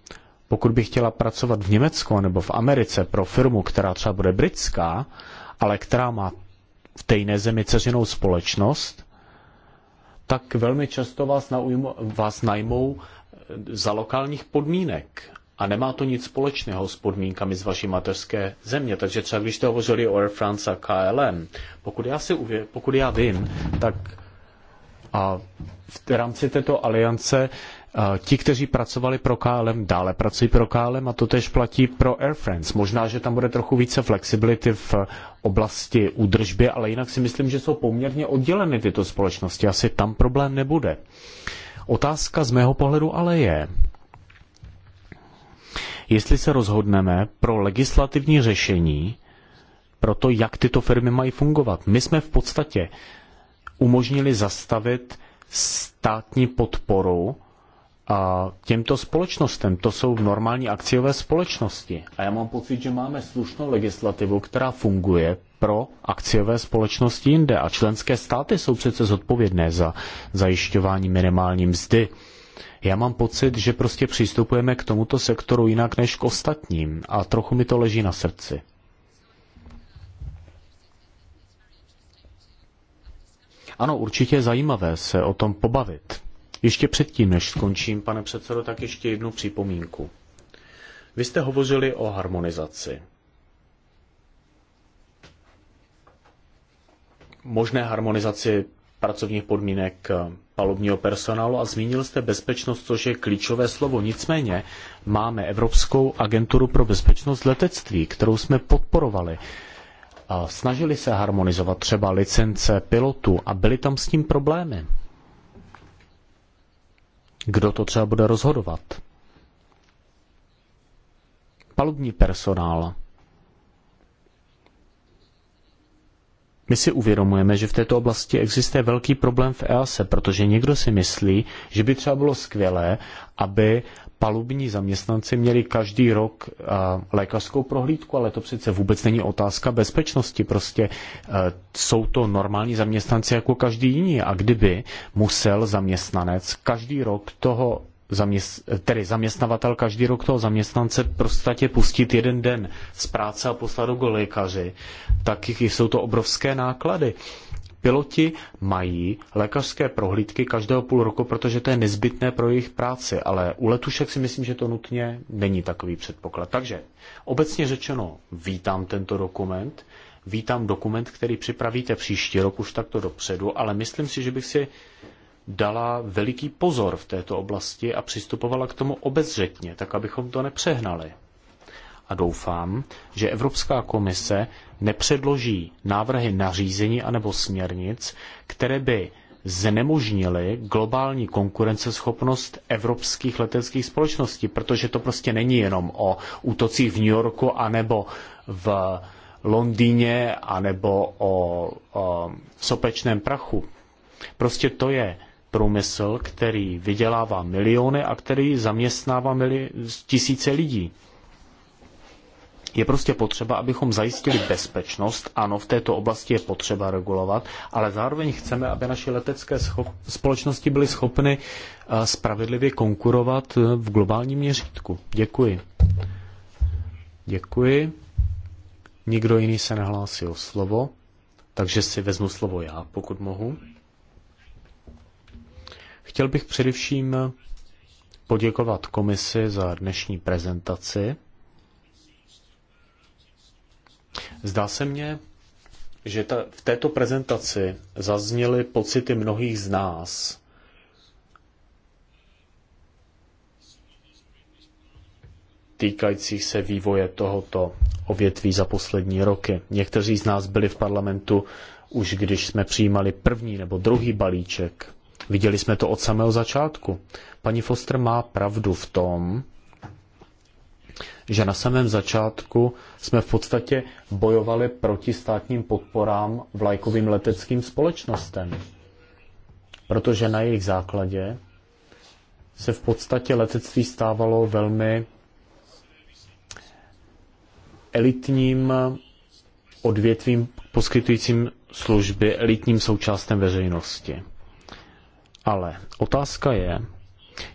Pokud bych chtěla pracovat v Německu nebo v Americe pro firmu, která třeba bude britská, ale která má v té zemi ceřinou společnost, tak velmi často vás, naujmo, vás najmou za lokálních podmínek. A nemá to nic společného s podmínkami z vaší mateřské země. Takže třeba když jste hovořili o Air France a KLM, pokud já, si uvě, pokud já vím, tak a v rámci této aliance ti, kteří pracovali pro KLM, dále pracují pro KLM a to tež platí pro Air France. Možná, že tam bude trochu více flexibility v oblasti údržby, ale jinak si myslím, že jsou poměrně odděleny tyto společnosti. Asi tam problém nebude. Uh, Otázka z mého pohledu ale je, jestli se rozhodneme pro legislativní řešení pro to, jak tyto firmy mají fungovat. My jsme v podstatě umožnili zastavit státní podporu a těmto společnostem. To jsou normální akciové společnosti. A já mám pocit, že máme slušnou legislativu, která funguje pro akciové společnosti jinde a členské státy jsou přece zodpovědné za zajišťování minimální mzdy. Já mám pocit, že prostě přistupujeme k tomuto sektoru jinak než k ostatním a trochu mi to leží na srdci. Ano, určitě je zajímavé se o tom pobavit. Ještě předtím, než skončím, pane předsedo, tak ještě jednu připomínku. Vy jste hovořili o harmonizaci. možné harmonizaci pracovních podmínek eh, palubního personálu a zmínil jste bezpečnost, což je klíčové slovo. Nicméně máme Evropskou agenturu pro bezpečnost letectví, kterou jsme podporovali. A snažili se harmonizovat třeba licence pilotů a byly tam s tím problémy. Kdo to třeba bude rozhodovat? Palubní personál My si uvědomujeme, že v této oblasti existuje velký problém v EASE, e, protože někdo si myslí, že by třeba bylo skvělé, aby palubní zaměstnanci měli každý rok lékařskou prohlídku, ale to přece vůbec není otázka bezpečnosti. Prostě e, jsou to normální zaměstnanci jako každý jiný. A kdyby musel zaměstnanec každý rok toho zaměst, tedy zaměstnavatel každý rok toho zaměstnance prostě pustit jeden den z práce a poslat ho k lékaři, tak jsou to obrovské náklady. Piloti mají lékařské prohlídky každého půl roku, protože to je nezbytné pro jejich práci, ale u letušek si myslím, že to nutně není takový předpoklad. Takže obecně řečeno, vítám tento dokument, vítám dokument, který připravíte příští rok už takto dopředu, ale myslím si, že bych si dala veliký pozor v této oblasti a přistupovala k tomu obezřetně, tak abychom to nepřehnali. A doufám, že Evropská komise nepředloží návrhy nařízení anebo směrnic, které by znemožnili globální konkurenceschopnost evropských leteckých společností, protože to prostě není jenom o útocích v New Yorku anebo v Londýně anebo o, o sopečném prachu. Prostě to je průmysl, který vydělává miliony a který zaměstnává mili- tisíce lidí. Je prostě potřeba, abychom zajistili bezpečnost. Ano, v této oblasti je potřeba regulovat, ale zároveň chceme, aby naše letecké společnosti byly schopny eh, spravedlivě konkurovat eh, v globálním měřítku. Děkuji. Děkuji. Nikdo jiný se nehlásil slovo, takže si vezmu slovo já, pokud mohu. Chtěl bych především poděkovat komisi za dnešní prezentaci. Zdá se mně, že ta, v této prezentaci zazněly pocity mnohých z nás. týkajících se vývoje tohoto ovětví za poslední roky. Někteří z nás byli v parlamentu už když jsme přijímali první nebo druhý balíček Viděli jsme to od samého začátku. Paní Foster má pravdu v tom, že na samém začátku jsme v podstatě bojovali proti státním podporám vlajkovým leteckým společnostem. Protože na jejich základě se v podstatě letectví stávalo velmi elitním odvětvím poskytujícím služby elitním součástem veřejnosti. Ale otázka je,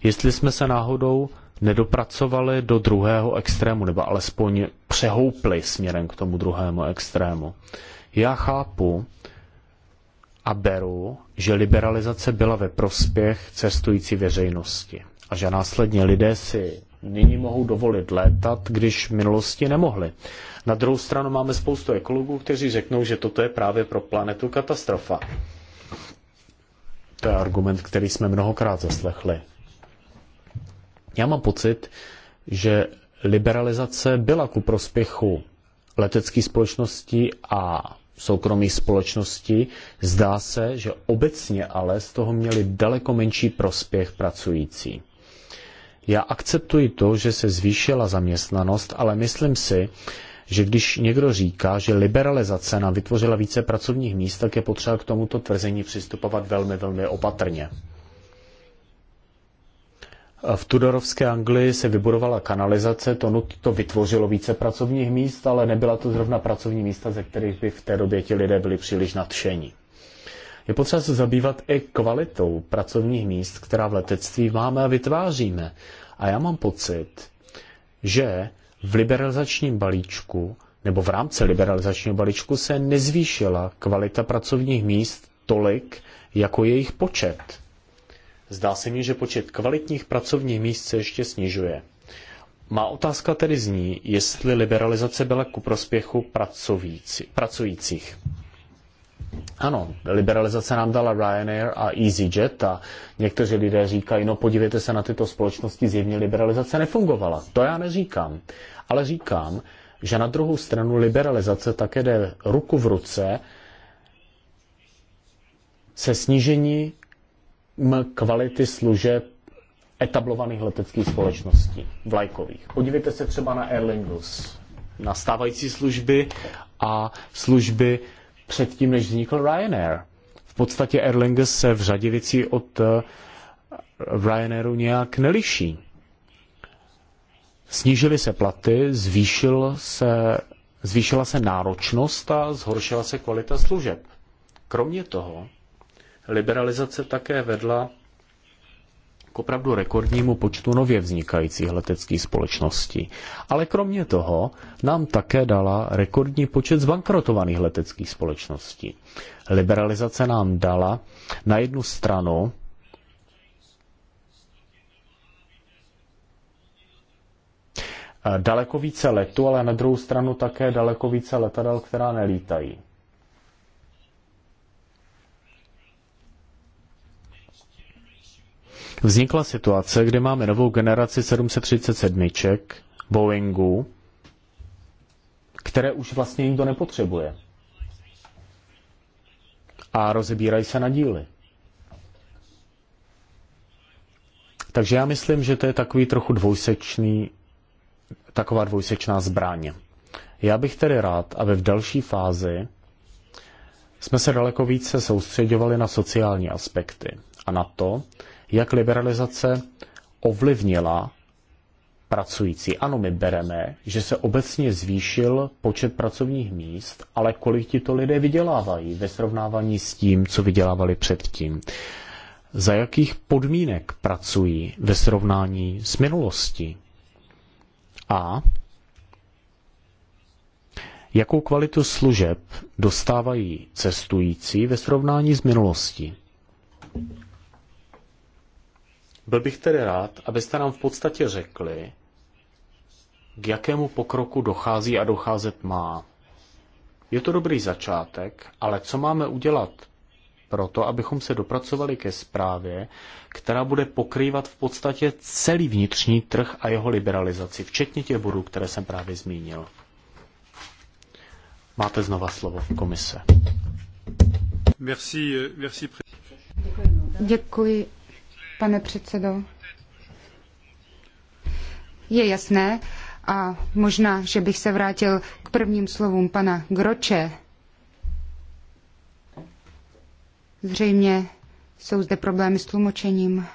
jestli jsme se náhodou nedopracovali do druhého extrému, nebo alespoň přehoupli směrem k tomu druhému extrému. Já chápu a beru, že liberalizace byla ve prospěch cestující veřejnosti a že následně lidé si nyní mohou dovolit létat, když v minulosti nemohli. Na druhou stranu máme spoustu ekologů, kteří řeknou, že toto je právě pro planetu katastrofa. To je argument, který jsme mnohokrát zaslechli. Já mám pocit, že liberalizace byla ku prospěchu leteckých společností a soukromých společností. Zdá se, že obecně ale z toho měli daleko menší prospěch pracující. Já akceptuji to, že se zvýšila zaměstnanost, ale myslím si, že když někdo říká, že liberalizace nám vytvořila více pracovních míst, tak je potřeba k tomuto tvrzení přistupovat velmi, velmi opatrně. V Tudorovské Anglii se vybudovala kanalizace, to, nut, to vytvořilo více pracovních míst, ale nebyla to zrovna pracovní místa, ze kterých by v té době ti lidé byli příliš nadšení. Je potřeba se zabývat i kvalitou pracovních míst, která v letectví máme a vytváříme. A já mám pocit, že v liberalizačním balíčku nebo v rámci liberalizačního balíčku se nezvýšila kvalita pracovních míst tolik jako jejich počet. Zdá se mi, že počet kvalitních pracovních míst se ještě snižuje. Má otázka tedy zní, jestli liberalizace byla ku prospěchu pracující, pracujících. Ano, liberalizace nám dala Ryanair a EasyJet a někteří lidé říkají, no podívejte se na tyto společnosti, zjevně liberalizace nefungovala. To já neříkám, ale říkám, že na druhou stranu liberalizace také jde ruku v ruce se snížení kvality služeb etablovaných leteckých společností, vlajkových. Podívejte se třeba na Aer Lingus, na stávající služby a služby předtím, než vznikl Ryanair. V podstatě Aer Lingus se v řadě věcí od eh, Ryanairu nějak neliší. Snížily se platy, zvýšil se, zvýšila se náročnost a zhoršila se kvalita služeb. Kromě toho, liberalizace také vedla k opravdu rekordnímu počtu nově vznikajících leteckých společností. Ale kromě toho nám také dala rekordní počet zbankrotovaných leteckých společností. Liberalizace nám dala na jednu stranu daleko více letů, ale na druhou stranu také daleko více letadel, která nelítají. vznikla situace, kdy máme novou generaci 737 Boeingu, které už vlastně nikdo nepotřebuje. A rozebírají se na díly. Takže já myslím, že to je takový trochu dvojsečný, taková dvojsečná zbraň. Já bych tedy rád, aby v další fázi jsme se daleko více soustředovali na sociální aspekty a na to, jak liberalizace ovlivnila pracující. Ano, my bereme, že se obecně zvýšil počet pracovních míst, ale kolik ti to lidé vydělávají ve srovnávání s tím, co vydělávali předtím. Za jakých podmínek pracují ve srovnání s minulostí? A jakou kvalitu služeb dostávají cestující ve srovnání s minulostí? Byl bych tedy rád, abyste nám v podstatě řekli, k jakému pokroku dochází a docházet má. Je to dobrý začátek, ale co máme udělat proto, abychom se dopracovali ke zprávě, která bude pokrývat v podstatě celý vnitřní trh a jeho liberalizaci, včetně těch bodů, které jsem právě zmínil. Máte znova slovo komise. Merci, merci. Děkuji pane předsedo. Je jasné, a možná, že bych se vrátil k prvním slovům pana Groče. Zřejmě jsou zde problémy s tlumočením.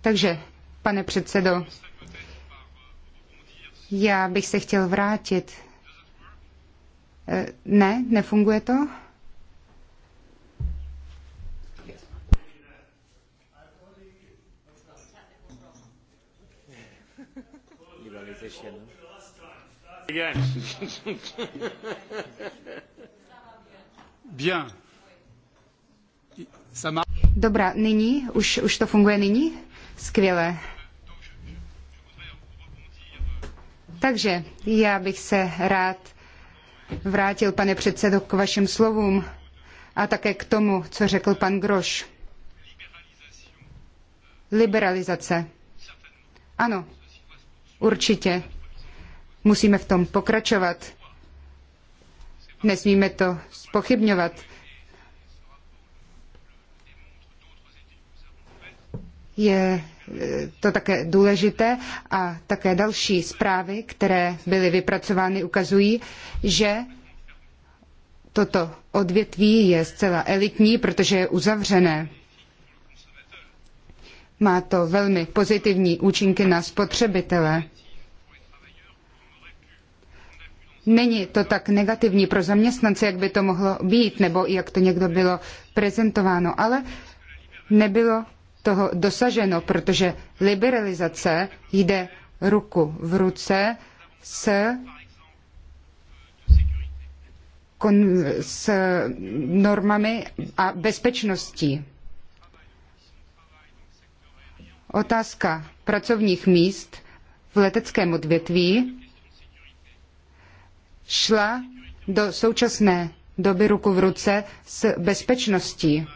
Takže, pane předsedo, já bych se chtěl vrátit Eh, ne, nefunguje to? Dobrá, nyní? Už, už to funguje nyní? Skvěle. Takže já bych se rád vrátil, pane předsedo, k vašim slovům a také k tomu, co řekl pan Groš. Liberalizace. Ano, určitě. Musíme v tom pokračovat. Nesmíme to spochybňovat. Je Eh, to také důležité a také další zprávy, které byly vypracovány, ukazují, že toto odvětví je zcela elitní, protože je uzavřené. Má to velmi pozitivní účinky na spotřebitele. Není to tak negativní pro zaměstnance, jak by to mohlo být, nebo jak to někdo bylo prezentováno, ale nebylo toho dosaženo, protože liberalizace jde ruku v ruce s, kon, s normami a bezpečností. Otázka pracovních míst v leteckém odvětví šla do současné doby ruku v ruce s bezpečností.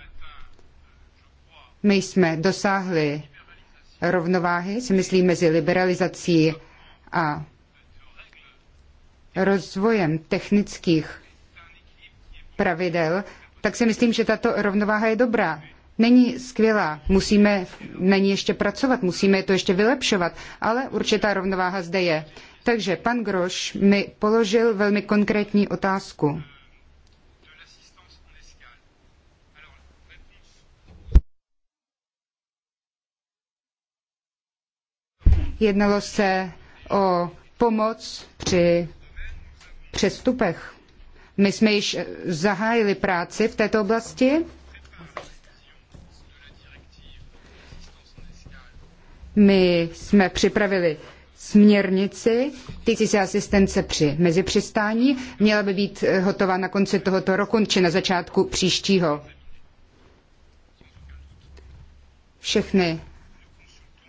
My jsme dosáhli rovnováhy, si myslím, mezi liberalizací a rozvojem technických pravidel, tak si myslím, že tato rovnováha je dobrá. Není skvělá, musíme na ní ještě pracovat, musíme to ještě vylepšovat, ale určitá rovnováha zde je. Takže pan Groš mi položil velmi konkrétní otázku. Jednalo se o pomoc při přestupech. My jsme již zahájili práci v této oblasti. My jsme připravili směrnici týkající se asistence při mezipřistání. Měla by být hotová na konci tohoto roku či na začátku příštího. Všechny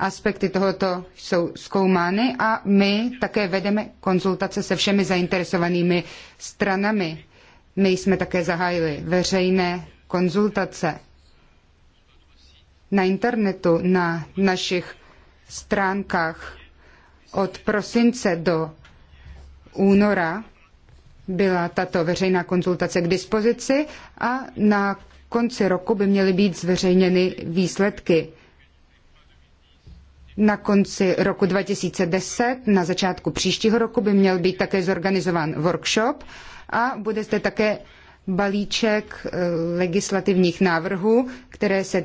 aspekty tohoto jsou zkoumány a my také vedeme konzultace se všemi zainteresovanými stranami. My jsme také zahájili veřejné konzultace na internetu, na našich stránkách od prosince do února byla tato veřejná konzultace k dispozici a na konci roku by měly být zveřejněny výsledky. Na konci roku 2010, na začátku příštího roku, by měl být také zorganizován workshop a bude zde také balíček eh, legislativních návrhů, které se,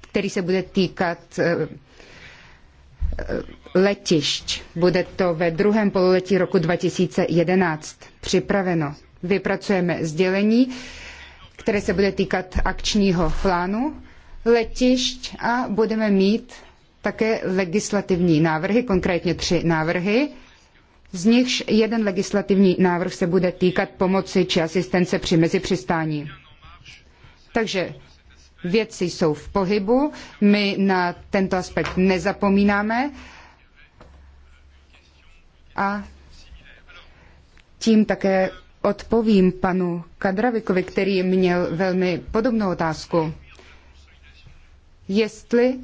který se bude týkat eh, eh, letišť. Bude to ve druhém pololetí roku 2011 připraveno. Vypracujeme sdělení, které se bude týkat akčního plánu letišť a budeme mít také legislativní návrhy, konkrétně tři návrhy, z nichž jeden legislativní návrh se bude týkat pomoci či asistence při mezipřistání. Takže věci jsou v pohybu, my na tento aspekt nezapomínáme a tím také odpovím panu Kadravikovi, který měl velmi podobnou otázku. Jestli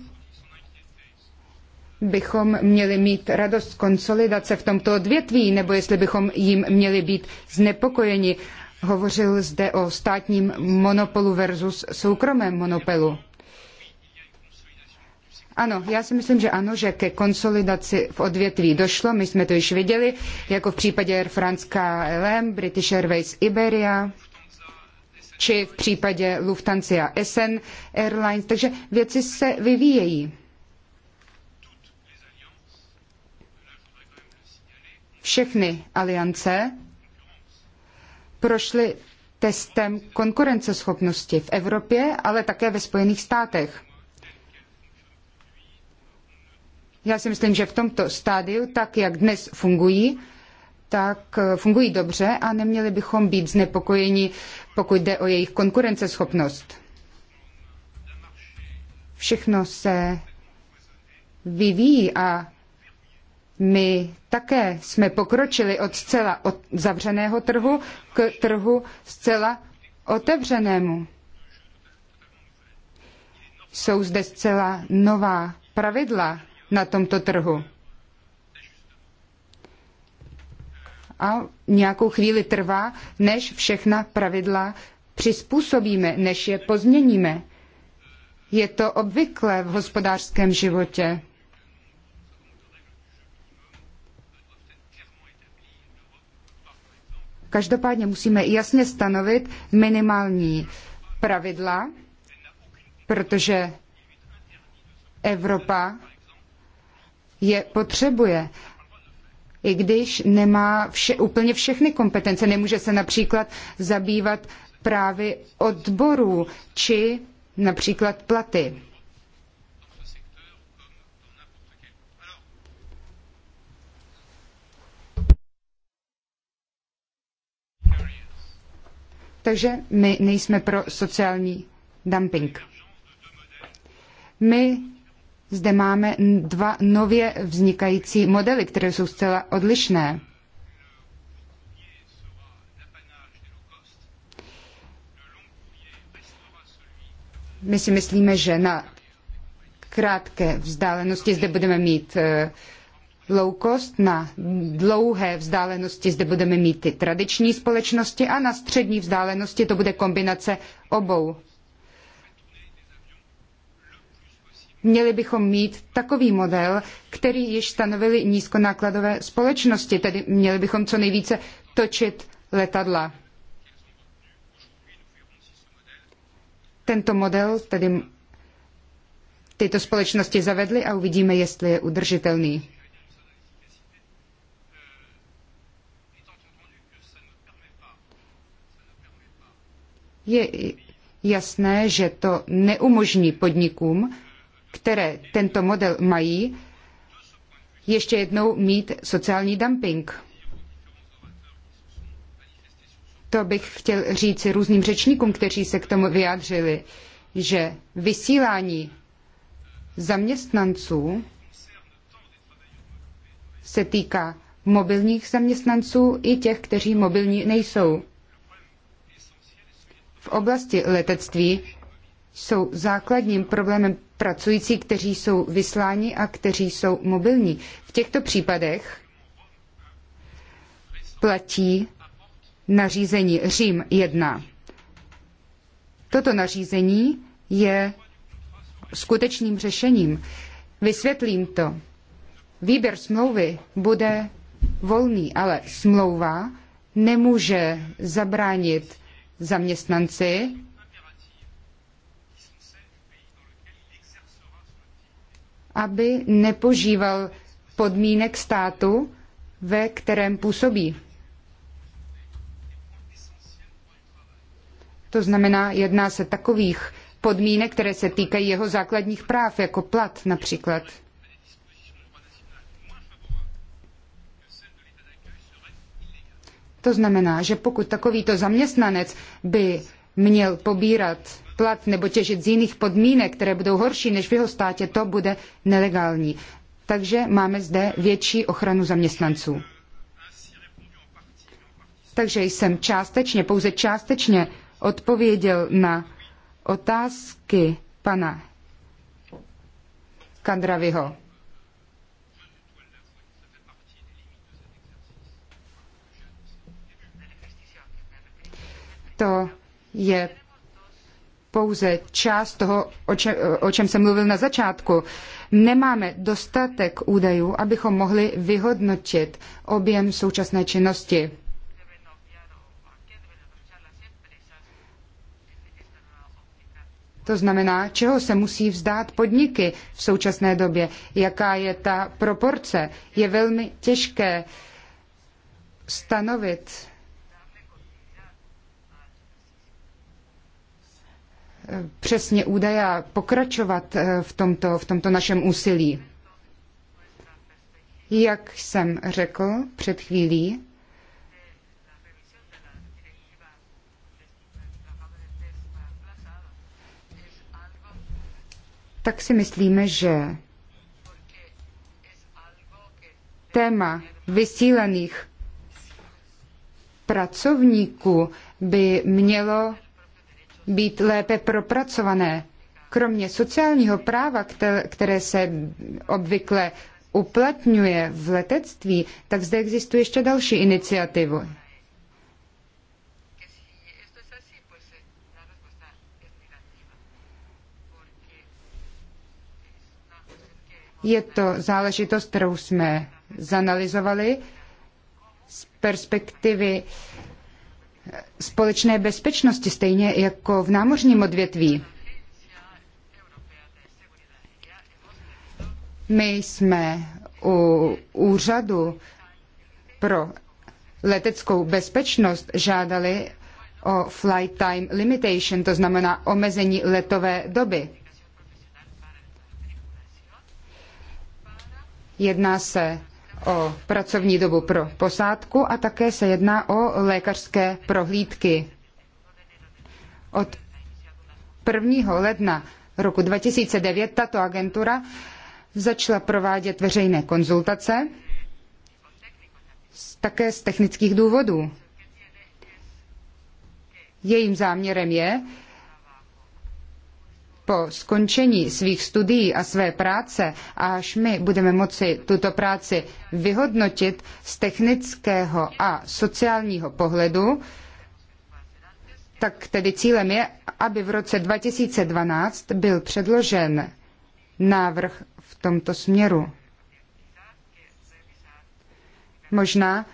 bychom měli mít radost z konsolidace v tomto odvětví, nebo jestli bychom jim měli být znepokojeni. Hovořil zde o státním monopolu versus soukromém monopolu. Ano, já si myslím, že ano, že ke konsolidaci v odvětví došlo, my jsme to již viděli, jako v případě Air France KLM, British Airways Iberia, či v případě Lufthansa SN Airlines, takže věci se vyvíjejí. všechny aliance prošly testem konkurenceschopnosti v Evropě, ale také ve Spojených státech. Já si myslím, že v tomto stádiu, tak jak dnes fungují, tak fungují dobře a neměli bychom být znepokojeni, pokud jde o jejich konkurenceschopnost. Všechno se vyvíjí a my také jsme pokročili od zcela od zavřeného trhu k trhu zcela otevřenému. Jsou zde zcela nová pravidla na tomto trhu. A nějakou chvíli trvá, než všechna pravidla přizpůsobíme, než je pozměníme. Je to obvyklé v hospodářském životě. Každopádně musíme jasně stanovit minimální pravidla, protože Evropa je potřebuje. I když nemá vše, úplně všechny kompetence, nemůže se například zabývat právy odborů či například platy. Takže my nejsme pro sociální dumping. My zde máme dva nově vznikající modely, které jsou zcela odlišné. My si myslíme, že na krátké vzdálenosti zde budeme mít uh, low cost, na dlouhé vzdálenosti zde budeme mít ty tradiční společnosti a na střední vzdálenosti to bude kombinace obou. Měli bychom mít takový model, který již stanovili nízkonákladové společnosti, tedy měli bychom co nejvíce točit letadla. Tento model tedy tyto společnosti zavedly a uvidíme, jestli je udržitelný. Je jasné, že to neumožní podnikům, které tento model mají, ještě jednou mít sociální dumping. To bych chtěl říci různým řečníkům, kteří se k tomu vyjádřili, že vysílání zaměstnanců se týká mobilních zaměstnanců i těch, kteří mobilní nejsou. V oblasti letectví jsou základním problémem pracující, kteří jsou vysláni a kteří jsou mobilní. V těchto případech platí nařízení Řím 1. Toto nařízení je skutečným řešením. Vysvětlím to. Výběr smlouvy bude volný, ale smlouva nemůže zabránit zaměstnanci aby nepožíval podmínek státu, ve kterém působí. To znamená, jedná se takových podmínek, které se týkají jeho základních práv, jako plat například. To znamená, že pokud takovýto zaměstnanec by měl pobírat plat nebo těžit z jiných podmínek, které budou horší než v jeho státě, to bude nelegální. Takže máme zde větší ochranu zaměstnanců. Takže jsem částečně, pouze částečně odpověděl na otázky pana Kandraviho. to je pouze část toho, o, če, o čem jsem mluvil na začátku. Nemáme dostatek údajů, abychom mohli vyhodnotit objem současné činnosti. To znamená, čeho se musí vzdát podniky v současné době, jaká je ta proporce. Je velmi těžké stanovit přesně údaje a pokračovat eh, v tomto, v tomto našem úsilí. Jak jsem řekl před chvílí, tak si myslíme, že téma vysílených pracovníků by mělo být lépe propracované. Kromě sociálního práva, které se obvykle uplatňuje v letectví, tak zde existuje ještě další iniciativu. Je to záležitost, kterou jsme zanalizovali z perspektivy společné bezpečnosti, stejně jako v námořním odvětví. My jsme u úřadu pro leteckou bezpečnost žádali o flight time limitation, to znamená omezení letové doby. Jedná se o pracovní dobu pro posádku a také se jedná o lékařské prohlídky. Od 1. ledna roku 2009 tato agentura začala provádět veřejné konzultace také z technických důvodů. Jejím záměrem je, po skončení svých studií a své práce, až my budeme moci tuto práci vyhodnotit z technického a sociálního pohledu, tak tedy cílem je, aby v roce 2012 byl předložen návrh v tomto směru. Možná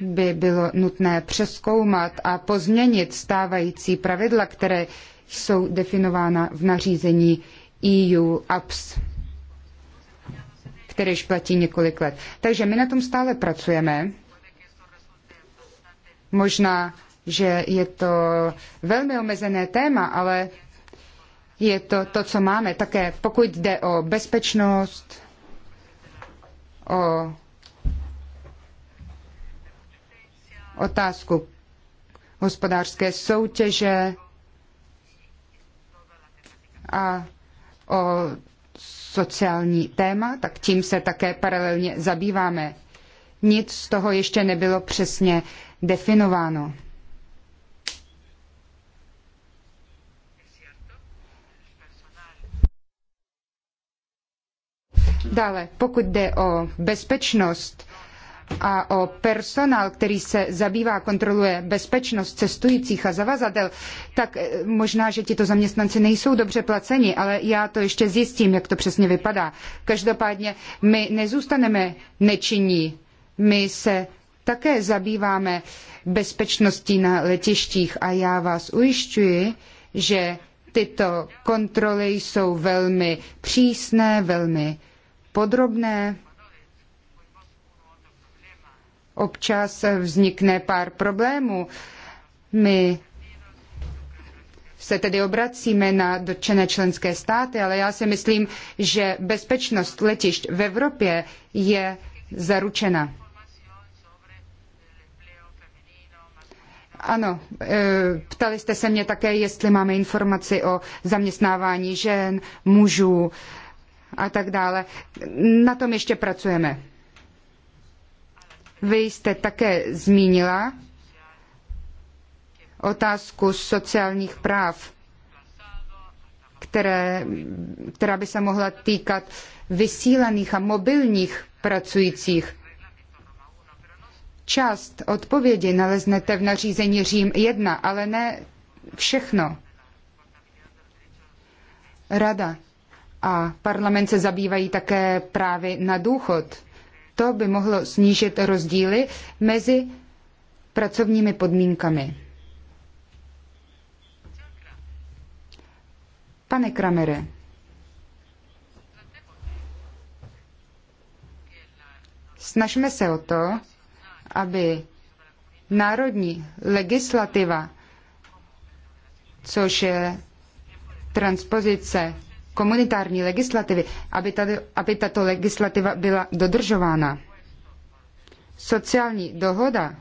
by bylo nutné přeskoumat a pozměnit stávající pravidla, které jsou definována v nařízení EU APS, kteréž platí několik let. Takže my na tom stále pracujeme. Možná, že je to velmi omezené téma, ale je to to, co máme. Také pokud jde o bezpečnost, o otázku hospodářské soutěže, a o sociální téma, tak tím se také paralelně zabýváme. Nic z toho ještě nebylo přesně definováno. Dále, pokud jde o bezpečnost a o personál, který se zabývá, kontroluje bezpečnost cestujících a zavazadel, tak eh, možná, že tito zaměstnanci nejsou dobře placeni, ale já to ještě zjistím, jak to přesně vypadá. Každopádně my nezůstaneme nečinní. My se také zabýváme bezpečností na letištích a já vás ujišťuji, že tyto kontroly jsou velmi přísné, velmi podrobné občas vznikne pár problémů. My se tedy obracíme na dotčené členské státy, ale já si myslím, že bezpečnost letišť v Evropě je zaručena. Ano, e, ptali jste se mě také, jestli máme informaci o zaměstnávání žen, mužů a tak dále. Na tom ještě pracujeme. Vy jste také zmínila otázku sociálních práv, které, která by se mohla týkat vysílaných a mobilních pracujících. Část odpovědi naleznete v nařízení Řím 1, ale ne všechno. Rada a parlament se zabývají také právy na důchod. To by mohlo snížit rozdíly mezi pracovními podmínkami. Pane Kramere, snažme se o to, aby národní legislativa, což je transpozice komunitární legislativy, aby, tady, aby tato legislativa byla dodržována. Sociální dohoda,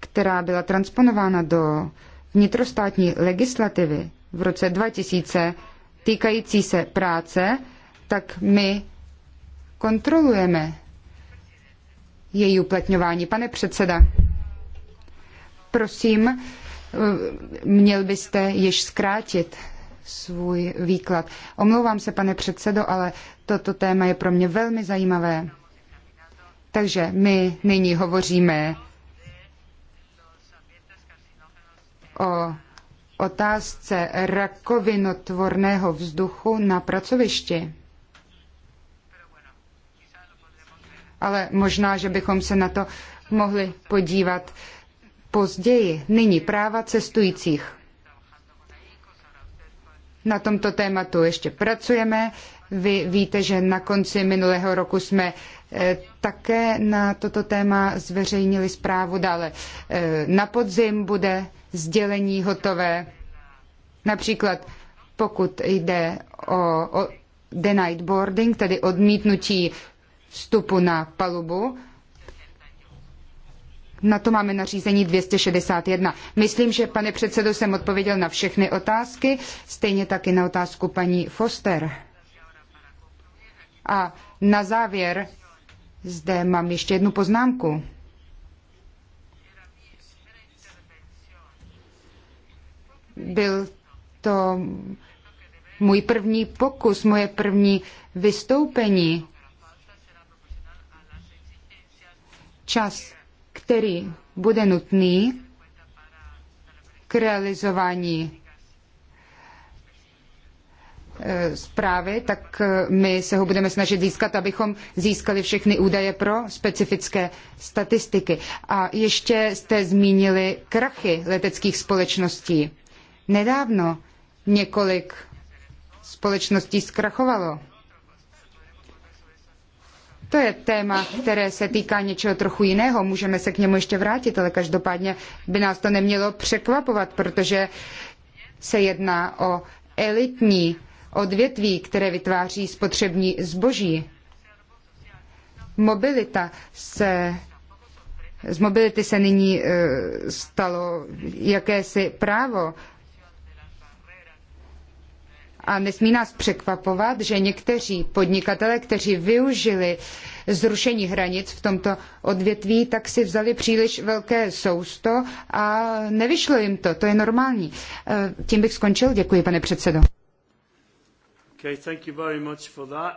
která byla transponována do vnitrostátní legislativy v roce 2000 týkající se práce, tak my kontrolujeme její uplatňování. Pane předseda, prosím, eh, měl byste již zkrátit svůj výklad. Omlouvám se, pane předsedo, ale toto téma je pro mě velmi zajímavé. Takže my nyní hovoříme o otázce rakovinotvorného vzduchu na pracovišti. Ale možná, že bychom se na to mohli podívat později. Nyní práva cestujících. Na tomto tématu ještě pracujeme. Vy víte, že na konci minulého roku jsme eh, také na toto téma zveřejnili zprávu. Dále eh, na podzim bude sdělení hotové. Například pokud jde o, o denied boarding, tedy odmítnutí vstupu na palubu, na to máme nařízení 261. Myslím, že pane předsedo jsem odpověděl na všechny otázky, stejně tak i na otázku paní Foster. A na závěr zde mám ještě jednu poznámku. Byl to můj první pokus, moje první vystoupení. Čas který bude nutný k realizování e, zprávy, tak e, my se ho budeme snažit získat, abychom získali všechny údaje pro specifické statistiky. A ještě jste zmínili krachy leteckých společností. Nedávno několik společností zkrachovalo. To je téma, které se týká něčeho trochu jiného, můžeme se k němu ještě vrátit, ale každopádně by nás to nemělo překvapovat, protože se jedná o elitní odvětví, které vytváří spotřební zboží. Mobilita se z mobility se nyní eh, stalo jakési právo a nesmí nás překvapovat, že někteří podnikatelé, kteří využili zrušení hranic v tomto odvětví, tak si vzali příliš velké sousto a nevyšlo jim to. To je normální. E, tím bych skončil. Děkuji, pane předsedo.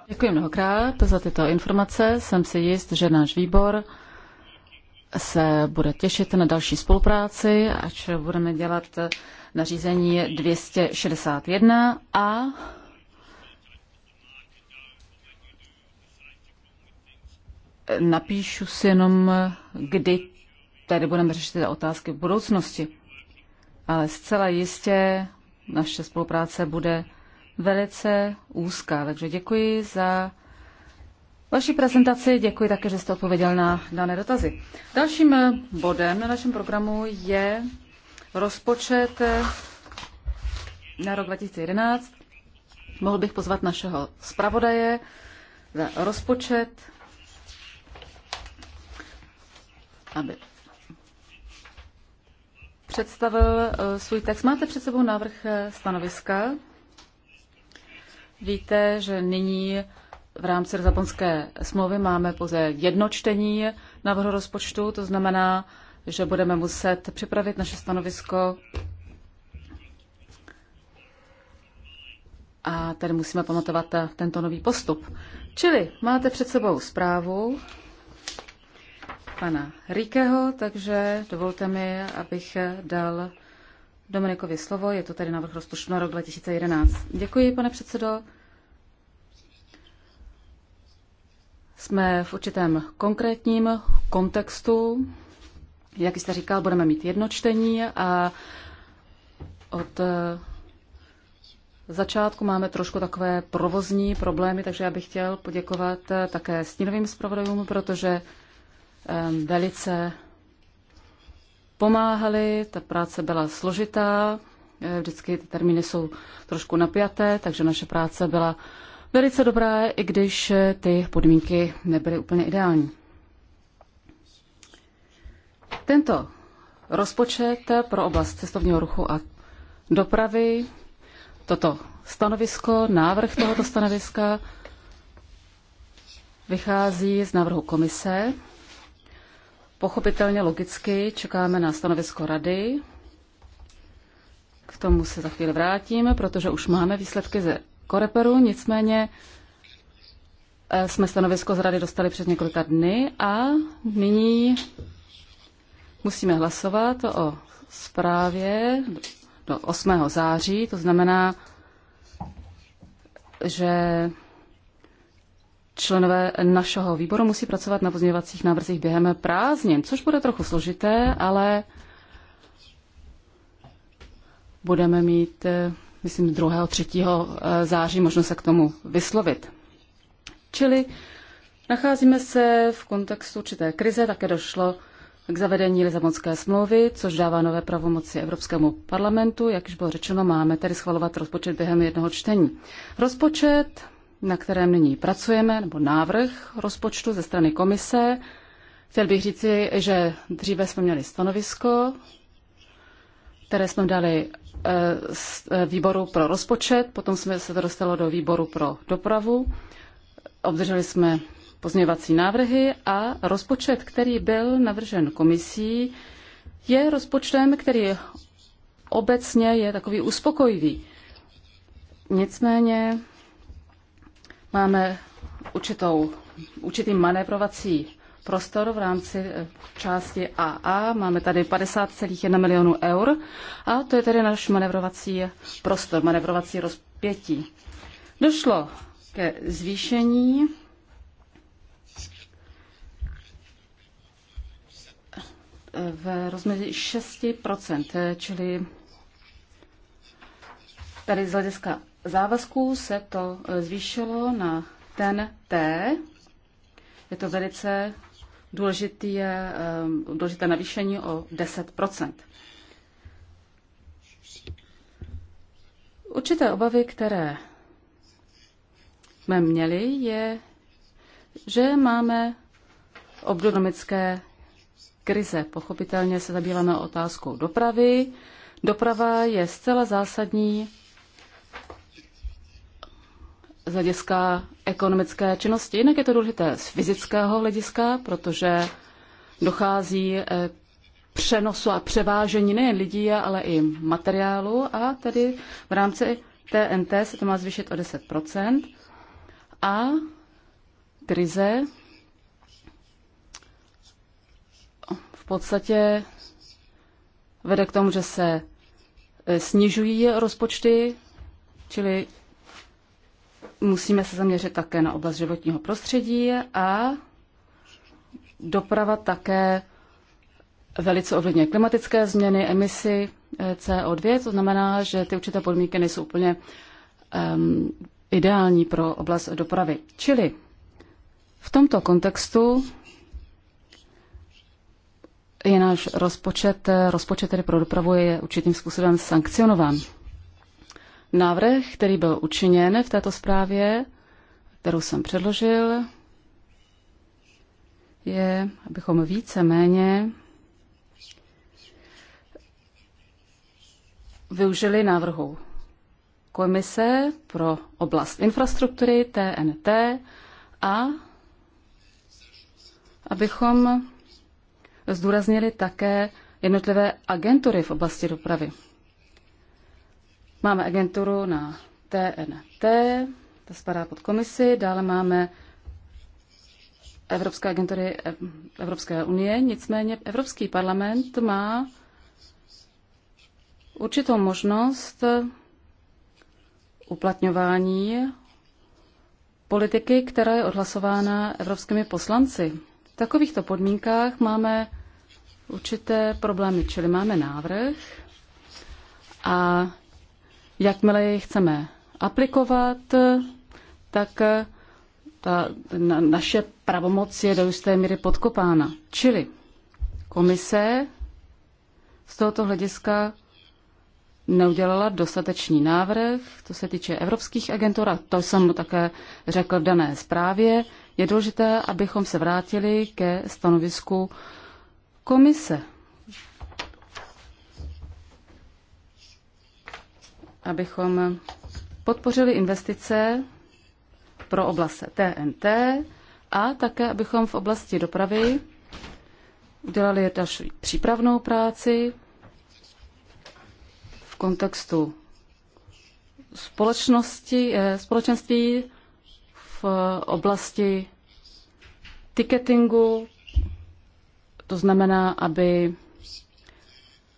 Děkuji mnohokrát za tyto informace. Jsem si jist, že náš výbor se bude těšit na další spolupráci, až budeme dělat nařízení 261 a napíšu si jenom, kdy tady budeme řešit ty otázky v budoucnosti. Ale zcela jistě naše spolupráce bude velice úzká. Takže děkuji za vaši prezentaci, děkuji také, že jste odpověděl na dané dotazy. Dalším bodem na našem programu je rozpočet na rok 2011. Mohl bych pozvat našeho zpravodaje za rozpočet, aby představil eh, svůj text. Máte před sebou návrh eh, stanoviska. Víte, že nyní v rámci Lisabonské smlouvy máme pouze jedno čtení návrhu rozpočtu, to znamená, že budeme muset připravit naše stanovisko a tady musíme pamatovat tento nový postup. Čili máte před sebou zprávu pana Ríkeho, takže dovolte mi, abych dal Dominikovi slovo. Je to tady návrh rozpočtu na rok 2011. Děkuji, pane předsedo. Jsme v určitém konkrétním kontextu jak jste říkal, budeme mít jedno čtení a od eh, začátku máme trošku takové provozní problémy, takže já bych chtěl poděkovat eh, také stínovým zpravodajům, protože velice pomáhali, ta práce byla složitá, eh, vždycky ty termíny jsou trošku napjaté, takže naše práce byla velice dobrá, i když ty podmínky nebyly úplně ideální. Tento rozpočet pro oblast cestovního ruchu a dopravy, toto stanovisko, návrh tohoto stanoviska vychází z návrhu komise. Pochopitelně logicky čekáme na stanovisko rady. K tomu se za chvíli vrátíme, protože už máme výsledky ze Koreperu, nicméně eh, jsme stanovisko z rady dostali před několika dny a nyní Musíme hlasovat o zprávě do 8. září, to znamená, že členové našeho výboru musí pracovat na pozměňovacích návrzích během prázdnin, což bude trochu složité, ale budeme mít, myslím, 2. 3. Eh, září možnost se k tomu vyslovit. Čili nacházíme se v kontextu určité krize, také došlo k zavedení Lizabonské smlouvy, což dává nové pravomoci Evropskému parlamentu. Jak již bylo řečeno, máme tedy schvalovat rozpočet během jednoho čtení. Rozpočet, na kterém nyní pracujeme, nebo návrh rozpočtu ze strany komise, Chtěl bych říci, že dříve jsme měli stanovisko, které jsme dali z eh, eh, výboru pro rozpočet, potom jsme se to dostalo do výboru pro dopravu. Obdrželi jsme pozměvací návrhy a rozpočet, který byl navržen komisí, je rozpočtem, který obecně je takový uspokojivý. Nicméně máme určitou, určitý manévrovací prostor v rámci eh, části AA. Máme tady 50,1 milionů eur a to je tedy náš manevrovací prostor, manevrovací rozpětí. Došlo ke zvýšení v rozmezí 6%, čili tady z hlediska závazků se to eh, zvýšilo na ten T. Je to velice důležité, eh, eh, důležité navýšení o 10%. Určité obavy, které jsme měli, je, že máme obdonomické krize. Pochopitelně se zabýváme otázkou dopravy. Doprava je zcela zásadní z hlediska ekonomické činnosti. Jinak je to důležité z fyzického hlediska, protože dochází eh, přenosu a převážení nejen lidí, ale i materiálu a tedy v rámci TNT se to má zvýšit o 10 a krize podstatě vede k tomu, že se e, snižují rozpočty, čili musíme se zaměřit také na oblast životního prostředí a doprava také velice ovlivňuje klimatické změny, emisy e, CO2, to znamená, že ty určité podmínky nejsou úplně um, ideální pro oblast dopravy. Čili v tomto kontextu je náš rozpočet, eh, rozpočet tedy pro dopravu je určitým způsobem sankcionován. Návrh, který byl učiněn v této zprávě, kterou jsem předložil, je, abychom více méně využili návrhu Komise pro oblast infrastruktury TNT a abychom zdůraznili také jednotlivé agentury v oblasti dopravy. Máme agenturu na TNT, ta spadá pod komisi, dále máme Evropské agentury Evropské unie, nicméně Evropský parlament má určitou možnost uplatňování politiky, která je odhlasována evropskými poslanci. V takovýchto podmínkách máme určité problémy. Čili máme návrh a jakmile jej chceme aplikovat, tak ta na, naše pravomoc je do jisté míry podkopána. Čili komise z tohoto hlediska neudělala dostatečný návrh, co se týče evropských agentur, a to jsem mu také řekl v dané zprávě, je důležité, abychom se vrátili ke stanovisku komise, abychom podpořili investice pro oblast TNT a také, abychom v oblasti dopravy udělali další přípravnou práci v kontextu společnosti, eh, společenství v oblasti ticketingu, to znamená, aby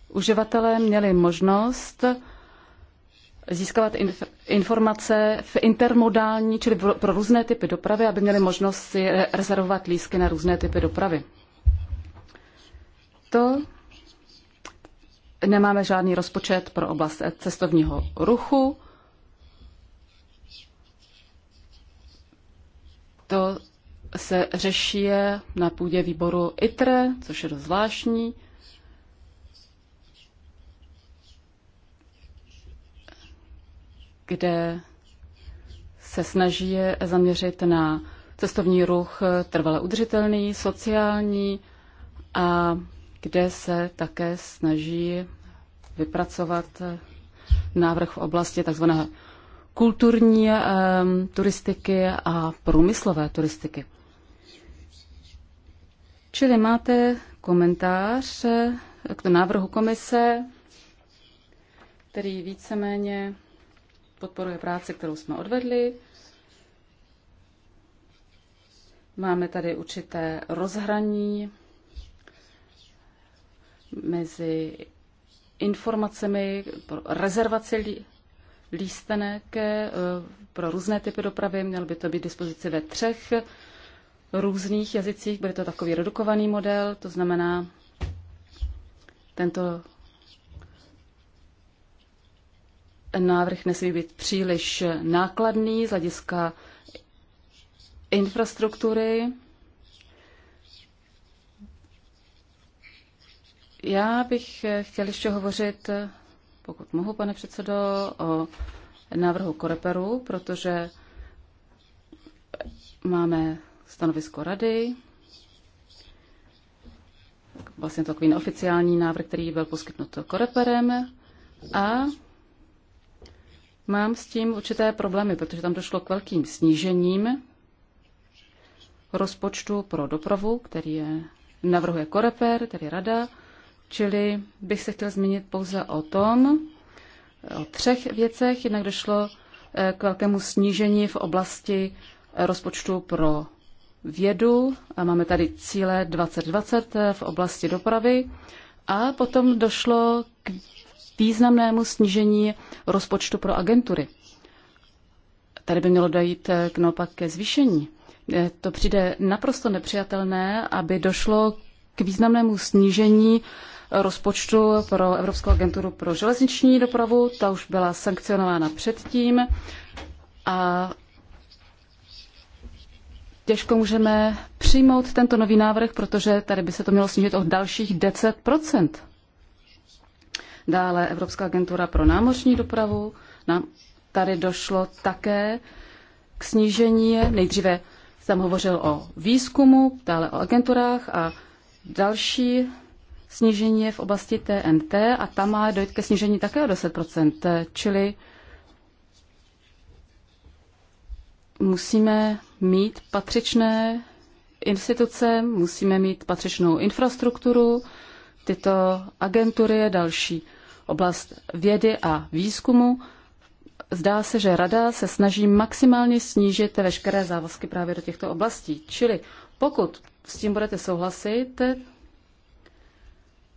uživatelé měli možnost získávat informace v intermodální, čili pro různé typy dopravy, aby měli možnost si rezervovat lísky na různé typy dopravy. To nemáme žádný rozpočet pro oblast cestovního ruchu. To se řeší je na půdě výboru ITRE, což je dost zvláštní. kde se snaží zaměřit na cestovní ruch trvale udržitelný, sociální a kde se také snaží vypracovat návrh v oblasti tzv. kulturní um, turistiky a průmyslové turistiky. Čili máte komentář eh, k tomu návrhu komise, který víceméně podporuje práci, kterou jsme odvedli. Máme tady určité rozhraní mezi informacemi pro rezervaci lístenek eh, pro různé typy dopravy. Mělo by to být dispozici ve třech různých jazycích. Bude to takový redukovaný model, to znamená, tento návrh nesmí být příliš nákladný z hlediska infrastruktury. Já bych chtěl ještě hovořit, pokud mohu, pane předsedo, o návrhu Koreperu, protože máme stanovisko rady. Vlastně takový neoficiální návrh, který byl poskytnut koreperem a mám s tím určité problémy, protože tam došlo k velkým snížením rozpočtu pro dopravu, který je, navrhuje koreper, tedy rada, čili bych se chtěl zmínit pouze o tom, o třech věcech. Jednak došlo eh, k velkému snížení v oblasti rozpočtu pro vědu a máme tady cíle 2020 v oblasti dopravy a potom došlo k významnému snížení rozpočtu pro agentury. Tady by mělo dojít eh, k naopak ke zvýšení. Eh, to přijde naprosto nepřijatelné, aby došlo k významnému snížení rozpočtu pro Evropskou agenturu pro železniční dopravu. Ta už byla sankcionována předtím a těžko můžeme přijmout tento nový návrh, protože tady by se to mělo snížit o dalších 10 Dále Evropská agentura pro námořní dopravu. Nám tady došlo také k snížení. Nejdříve jsem hovořil o výzkumu, dále o agenturách a další snížení je v oblasti TNT a tam má dojít ke snížení také o 10 čili musíme mít patřičné instituce, musíme mít patřičnou infrastrukturu, tyto agentury je další oblast vědy a výzkumu. Zdá se, že Rada se snaží maximálně snížit veškeré závazky právě do těchto oblastí. Čili pokud s tím budete souhlasit,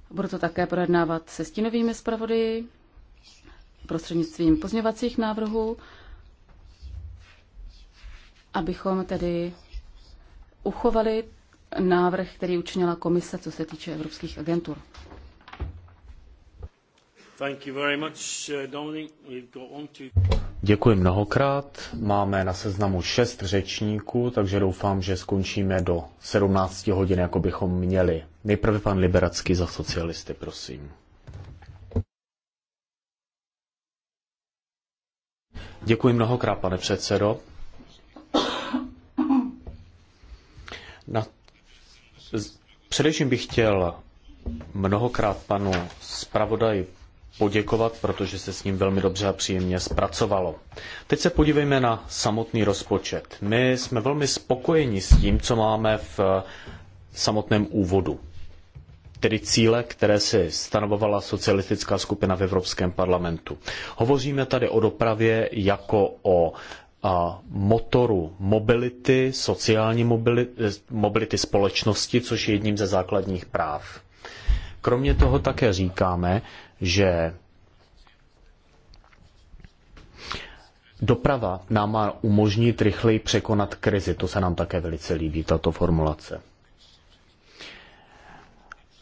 budu to také projednávat se stínovými zpravody prostřednictvím pozměvacích návrhů abychom tedy uchovali návrh, který učinila komise, co se týče evropských agentur. Uh, Děkuji mnohokrát. Máme na seznamu šest řečníků, takže doufám, že skončíme do 17 hodin, jako bychom měli. Nejprve pan Liberacký za socialisty, prosím. Děkuji mnohokrát, pane předsedo. Na... Především bych chtěl mnohokrát panu zpravodaji poděkovat, protože se s ním velmi dobře a příjemně zpracovalo. Teď se podívejme na samotný rozpočet. My jsme velmi spokojeni s tím, co máme v eh, samotném úvodu. Tedy cíle, které si stanovovala socialistická skupina v Evropském parlamentu. Hovoříme tady o dopravě jako o a motoru mobility, sociální mobility, eh, mobility společnosti, což je jedním ze základních práv. Kromě toho také říkáme, že doprava nám má umožnit rychleji překonat krizi. To se nám také velice líbí, tato formulace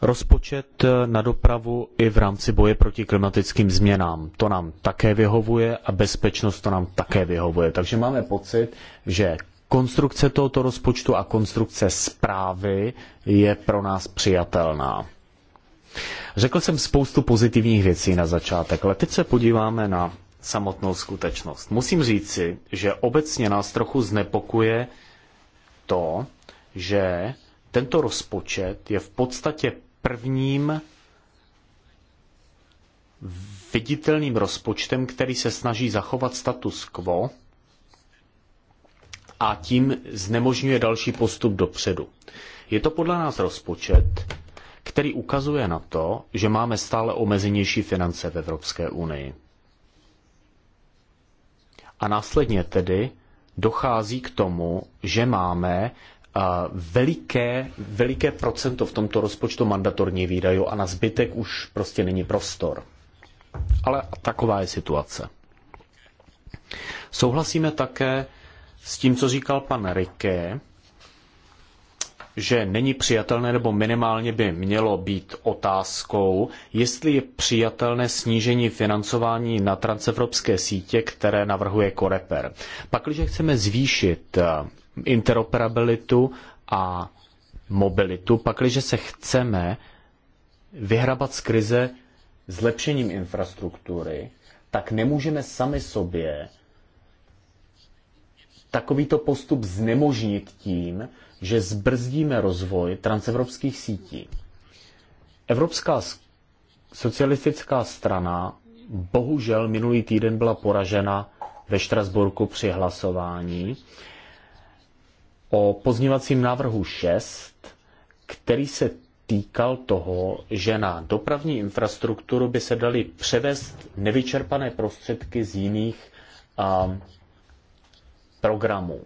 rozpočet eh, na dopravu i v rámci boje proti klimatickým změnám. To nám také vyhovuje a bezpečnost to nám také vyhovuje. Takže máme pocit, že konstrukce tohoto rozpočtu a konstrukce zprávy je pro nás přijatelná. Řekl jsem spoustu pozitivních věcí na začátek, ale teď se podíváme na samotnou skutečnost. Musím říci, že obecně nás trochu znepokuje to, že tento rozpočet je v podstatě prvním viditelným rozpočtem, který se snaží zachovat status quo a tím znemožňuje další postup dopředu. Je to podle nás rozpočet, který ukazuje na to, že máme stále omezenější finance v Evropské unii. A následně tedy dochází k tomu, že máme veliké, veliké procento v tomto rozpočtu mandatorní výdajů a na zbytek už prostě není prostor. Ale taková je situace. Souhlasíme také s tím, co říkal pan Riké, že není přijatelné, nebo minimálně by mělo být otázkou, jestli je přijatelné snížení financování na transevropské sítě, které navrhuje Koreper. Pakliže chceme zvýšit interoperabilitu a mobilitu, pakliže se chceme vyhrabat z krize zlepšením infrastruktury, tak nemůžeme sami sobě takovýto postup znemožnit tím, že zbrzdíme rozvoj transevropských sítí. Evropská socialistická strana bohužel minulý týden byla poražena ve Štrasburku při hlasování o pozněvacím návrhu 6, který se týkal toho, že na dopravní infrastrukturu by se daly převést nevyčerpané prostředky z jiných a, programů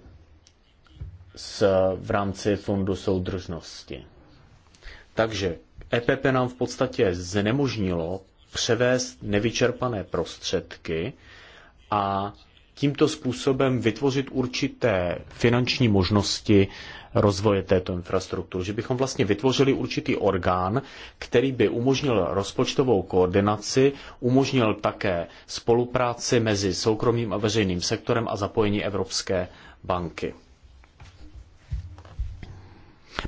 s v rámci Fondu soudržnosti. Takže EPP nám v podstatě znemožnilo převést nevyčerpané prostředky a tímto způsobem vytvořit určité finanční možnosti rozvoje této infrastruktury. Že bychom vlastně vytvořili určitý orgán, který by umožnil rozpočtovou koordinaci, umožnil také spolupráci mezi soukromým a veřejným sektorem a zapojení Evropské banky.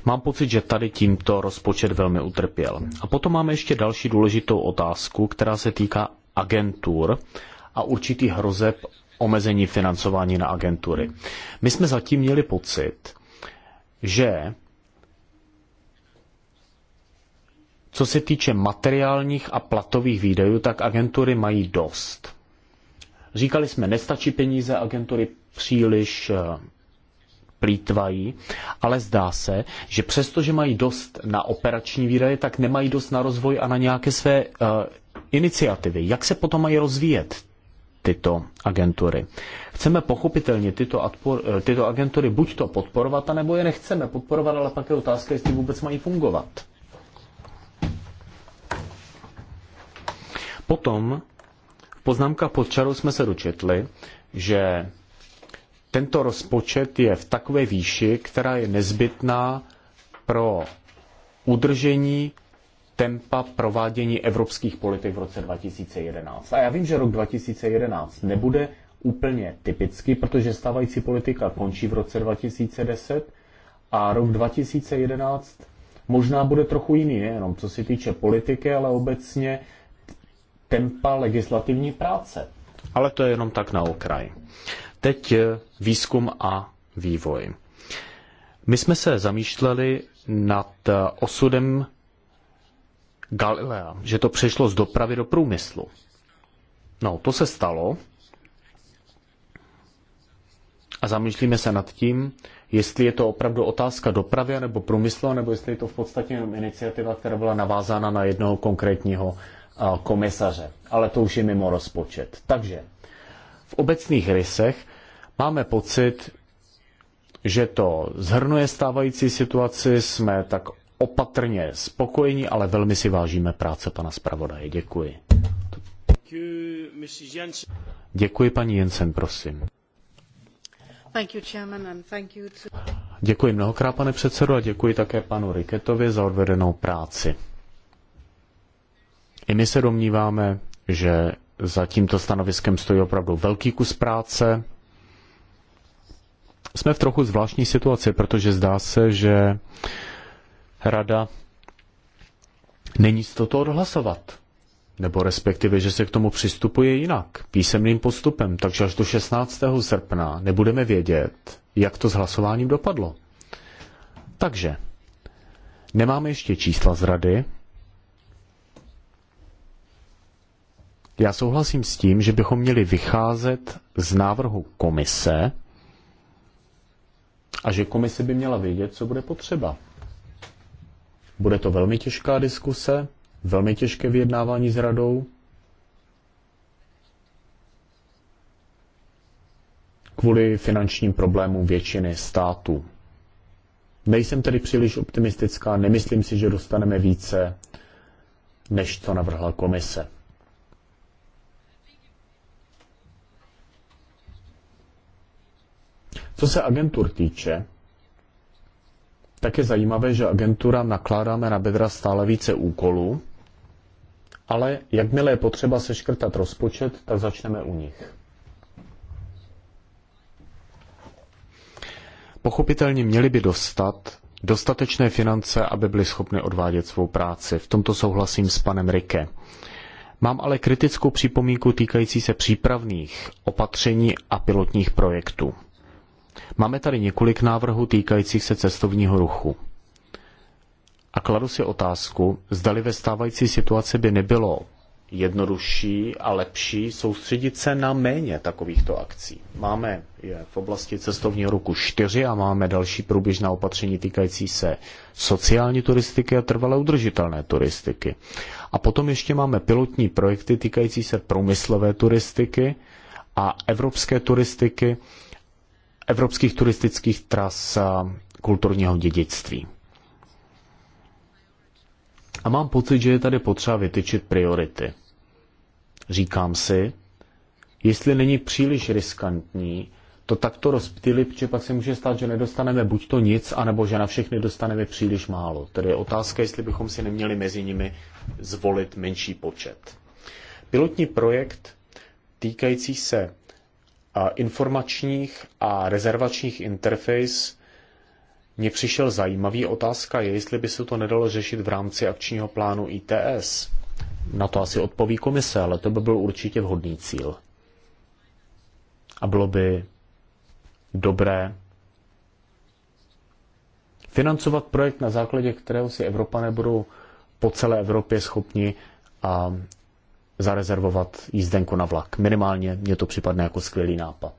Mám pocit, že tady tímto rozpočet velmi utrpěl. A potom máme ještě další důležitou otázku, která se týká agentur a určitých hrozeb omezení financování na agentury. My jsme zatím měli pocit, že co se týče materiálních a platových výdajů, tak agentury mají dost. Říkali jsme, nestačí peníze, agentury příliš eh, plítvají, ale zdá se, že přesto, že mají dost na operační výdaje, tak nemají dost na rozvoj a na nějaké své uh, iniciativy. Jak se potom mají rozvíjet tyto agentury. Chceme pochopitelně tyto, adpor, eh, tyto agentury buď to podporovat, anebo je nechceme podporovat, ale pak je otázka, jestli vůbec mají fungovat. Potom v poznámkách pod čarou jsme se dočetli, že tento rozpočet je v takové výši, která je nezbytná pro udržení tempa provádění evropských politik v roce 2011. A já vím, že rok 2011 nebude úplně typický, protože stávající politika končí v roce 2010 a rok 2011 možná bude trochu jiný, nejenom co se týče politiky, ale obecně tempa legislativní práce. Ale to je jenom tak na okraj. Teď eh, výzkum a vývoj. My jsme se zamýšleli nad eh, osudem Galilea, že to přešlo z dopravy do průmyslu. No, to se stalo a zamýšlíme se nad tím, jestli je to opravdu otázka dopravy nebo průmyslu, nebo jestli je to v podstatě jenom iniciativa, která byla navázána na jednoho konkrétního komisaře. Ale to už je mimo rozpočet. Takže v obecných rysech máme pocit, že to zhrnuje stávající situaci, jsme tak opatrně spokojeni, ale velmi si vážíme práce pana zpravodaje. Děkuji. Děkuji, paní Jensen, prosím. Děkuji mnohokrát, pane předsedo, a děkuji také panu Riketovi za odvedenou práci. I my se domníváme, že za tímto stanoviskem stojí opravdu velký kus práce. Jsme v trochu zvláštní situaci, protože zdá se, že rada není z toto odhlasovat. Nebo respektive, že se k tomu přistupuje jinak, písemným postupem, takže až do 16. srpna nebudeme vědět, jak to s hlasováním dopadlo. Takže, nemáme ještě čísla z rady. Já souhlasím s tím, že bychom měli vycházet z návrhu komise a že komise by měla vědět, co bude potřeba. Bude to velmi těžká diskuse, velmi těžké vyjednávání s radou. Kvůli finančním problémům většiny států. Nejsem tedy příliš optimistická, nemyslím si, že dostaneme více, než co navrhla komise. Co se agentur týče, tak je zajímavé, že agentura nakládáme na bedra stále více úkolů, ale jakmile je potřeba seškrtat rozpočet, tak začneme u nich. Pochopitelně měli by dostat dostatečné finance, aby byli schopni odvádět svou práci. V tomto souhlasím s panem Rike. Mám ale kritickou připomínku týkající se přípravných opatření a pilotních projektů. Máme tady několik návrhů týkajících se cestovního ruchu. A kladu si otázku, zdali ve stávající situaci by nebylo jednodušší a lepší soustředit se na méně takovýchto akcí. Máme je v oblasti cestovního ruku čtyři a máme další průběžná opatření týkající se sociální turistiky a trvalé udržitelné turistiky. A potom ještě máme pilotní projekty týkající se průmyslové turistiky a evropské turistiky, evropských turistických tras kulturního dědictví. A mám pocit, že je tady potřeba vytyčit priority. Říkám si, jestli není příliš riskantní to takto rozptýlit, protože pak se může stát, že nedostaneme buď to nic, anebo že na všechny dostaneme příliš málo. Tedy je otázka, jestli bychom si neměli mezi nimi zvolit menší počet. Pilotní projekt týkající se informačních a rezervačních interface mně přišel zajímavý. Otázka je, jestli by se to nedalo řešit v rámci akčního plánu ITS. Na to asi odpoví komise, ale to by byl určitě vhodný cíl. A bylo by dobré financovat projekt, na základě kterého si Evropané budou po celé Evropě schopni a zarezervovat jízdenku na vlak. Minimálně mě to připadne jako skvělý nápad.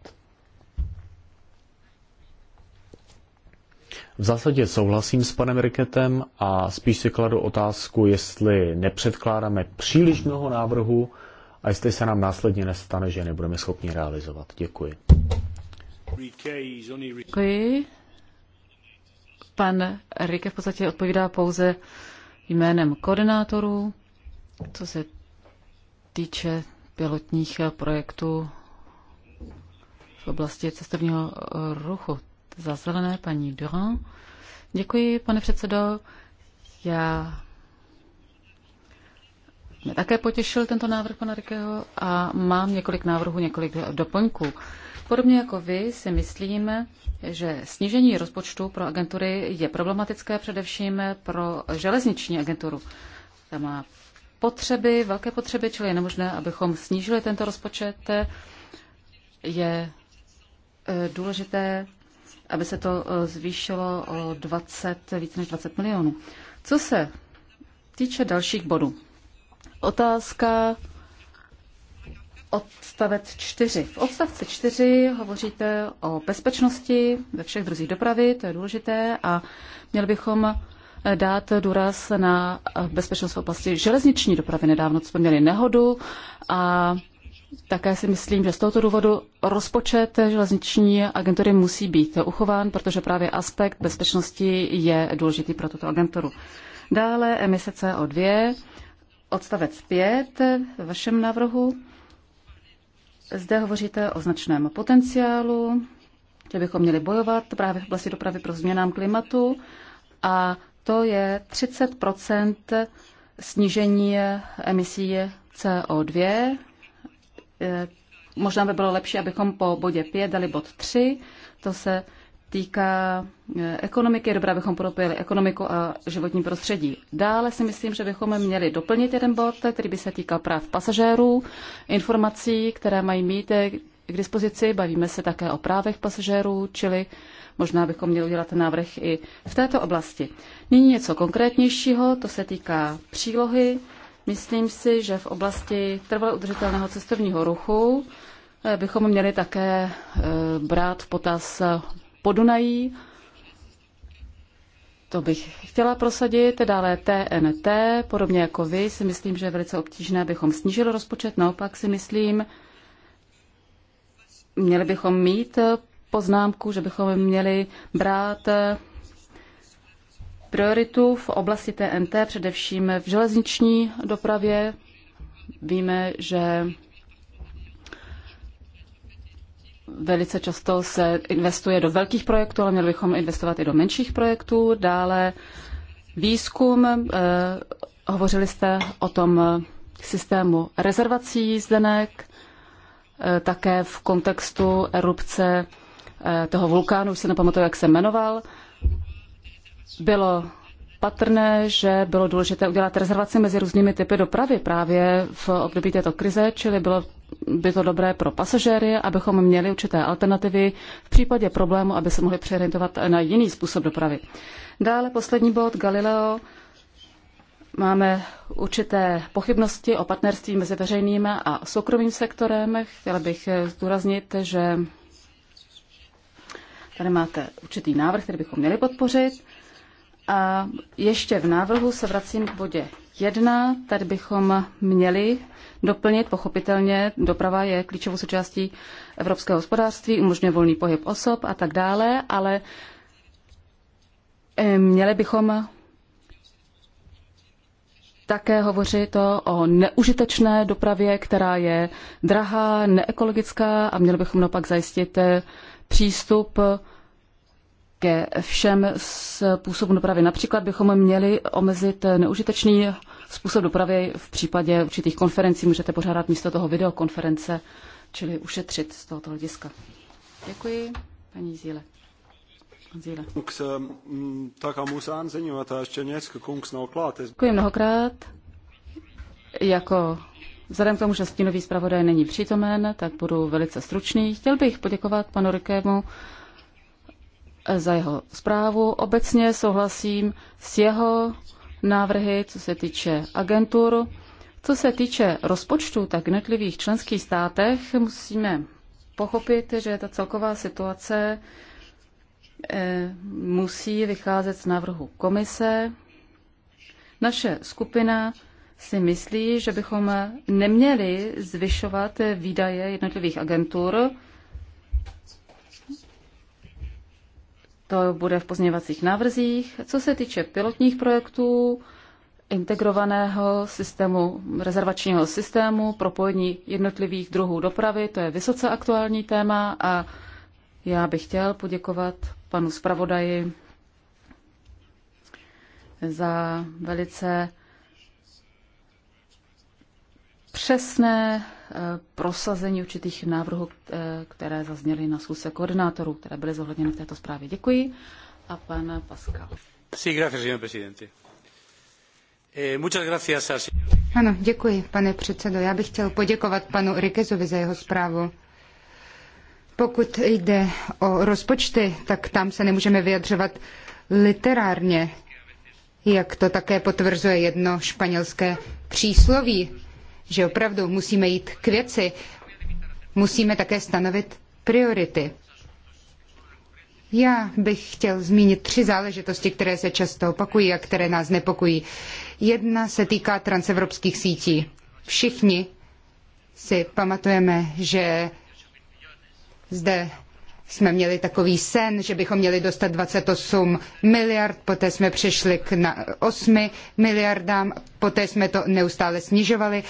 V zásadě souhlasím s panem Riketem a spíš si kladu otázku, jestli nepředkládáme příliš mnoho návrhu, a jestli se nám následně nestane, že nebudeme schopni realizovat. Děkuji. Děkuji. Pan Rike v podstatě odpovídá pouze jménem koordinátorů, co se týče pilotních eh, projektů v oblasti cestovního eh, ruchu. Za zelené paní Duran. Děkuji, pane předsedo. Já mě také potěšil tento návrh pana Rikého a mám několik návrhů, několik doplňků. Podobně jako vy si myslím, že snížení rozpočtu pro agentury je problematické především pro železniční agenturu. Ta má potřeby, velké potřeby, čili je nemožné, abychom snížili tento rozpočet. Je e, důležité, aby se to e, zvýšilo o 20, více než 20 milionů. Co se týče dalších bodů, otázka odstavec 4. V odstavci 4 hovoříte o bezpečnosti ve všech druzích dopravy, to je důležité, a měli bychom dát důraz na bezpečnost v oblasti železniční dopravy. Nedávno jsme měli nehodu a také si myslím, že z tohoto důvodu rozpočet železniční agentury musí být uchován, protože právě aspekt bezpečnosti je důležitý pro tuto agenturu. Dále emise CO2, odstavec 5 v vašem návrhu. Zde hovoříte o značném potenciálu, že bychom měli bojovat právě v oblasti dopravy pro změnám klimatu a to je 30 snížení emisí CO2. E, možná by bylo lepší, abychom po bodě 5 dali bod 3. To se týká e, ekonomiky. Dobrá, abychom propojili ekonomiku a životní prostředí. Dále si myslím, že bychom měli doplnit jeden bod, který by se týkal práv pasažérů, informací, které mají mít e, k dispozici. Bavíme se také o právech pasažérů, čili Možná bychom měli udělat návrh i v této oblasti. Nyní něco konkrétnějšího, to se týká přílohy. Myslím si, že v oblasti trvale udržitelného cestovního ruchu eh, bychom měli také eh, brát v potaz Podunají. To bych chtěla prosadit, dále TNT, podobně jako vy, si myslím, že je velice obtížné, abychom snížili rozpočet, naopak si myslím, měli bychom mít poznámku, že bychom měli brát eh, prioritu v oblasti TNT, především v železniční dopravě. Víme, že velice často se investuje do velkých projektů, ale měli bychom investovat i do menších projektů. Dále výzkum, eh, hovořili jste o tom systému rezervací jízdenek, eh, také v kontextu erupce Eh, toho vulkánu, už se nepamatuju, jak se jmenoval, bylo patrné, že bylo důležité udělat rezervaci mezi různými typy dopravy právě v období této krize, čili bylo by to dobré pro pasažéry, abychom měli určité alternativy v případě problému, aby se mohli přeorientovat na jiný způsob dopravy. Dále poslední bod Galileo. Máme určité pochybnosti o partnerství mezi veřejným a soukromým sektorem. Chtěla bych zdůraznit, že Tady máte určitý návrh, který bychom měli podpořit. A ještě v návrhu se vracím k bodě 1. Tady bychom měli doplnit, pochopitelně, doprava je klíčovou součástí evropského hospodářství, umožňuje volný pohyb osob a tak dále, ale eh, měli bychom také hovoří to o neužitečné dopravě, která je drahá, neekologická a měli bychom naopak zajistit eh, přístup ke všem způsobům dopravy. Například bychom měli omezit neužitečný způsob dopravy v případě určitých konferencí. Můžete pořádat místo toho videokonference, čili ušetřit z tohoto hlediska. Děkuji, paní Zíle. Zíle. Mm, Děkuji mnohokrát. Jako Vzhledem k tomu, že stínový zpravodaj není přítomen, tak budu velice stručný. Chtěl bych poděkovat panu Rikému za jeho zprávu. Obecně souhlasím s jeho návrhy, co se týče agentur. Co se týče rozpočtu, tak v jednotlivých členských státech musíme pochopit, že ta celková situace eh, musí vycházet z návrhu komise. Naše skupina si myslí, že bychom neměli zvyšovat výdaje jednotlivých agentur. To bude v pozměňovacích návrzích. Co se týče pilotních projektů, integrovaného systému, rezervačního systému, propojení jednotlivých druhů dopravy, to je vysoce aktuální téma a já bych chtěl poděkovat panu zpravodaji za velice přesné eh, prosazení určitých návrhů, eh, které zazněly na schůzce koordinátorů, které byly zohledněny v této zprávě. Děkuji. A pan Pascal. Sí, gracias, señor presidente. Eh, ano, děkuji, pane předsedo. Já bych chtěl poděkovat panu Rikezovi za jeho zprávu. Pokud jde o rozpočty, tak tam se nemůžeme vyjadřovat literárně, jak to také potvrzuje jedno španělské přísloví že opravdu musíme jít k věci, musíme také stanovit priority. Já bych chtěl zmínit tři záležitosti, které se často opakují a které nás nepokojí. Jedna se týká transevropských sítí. Všichni si pamatujeme, že zde jsme měli takový sen, že bychom měli dostat 28 miliard, poté jsme přešli k na 8 miliardám, poté jsme to neustále snižovali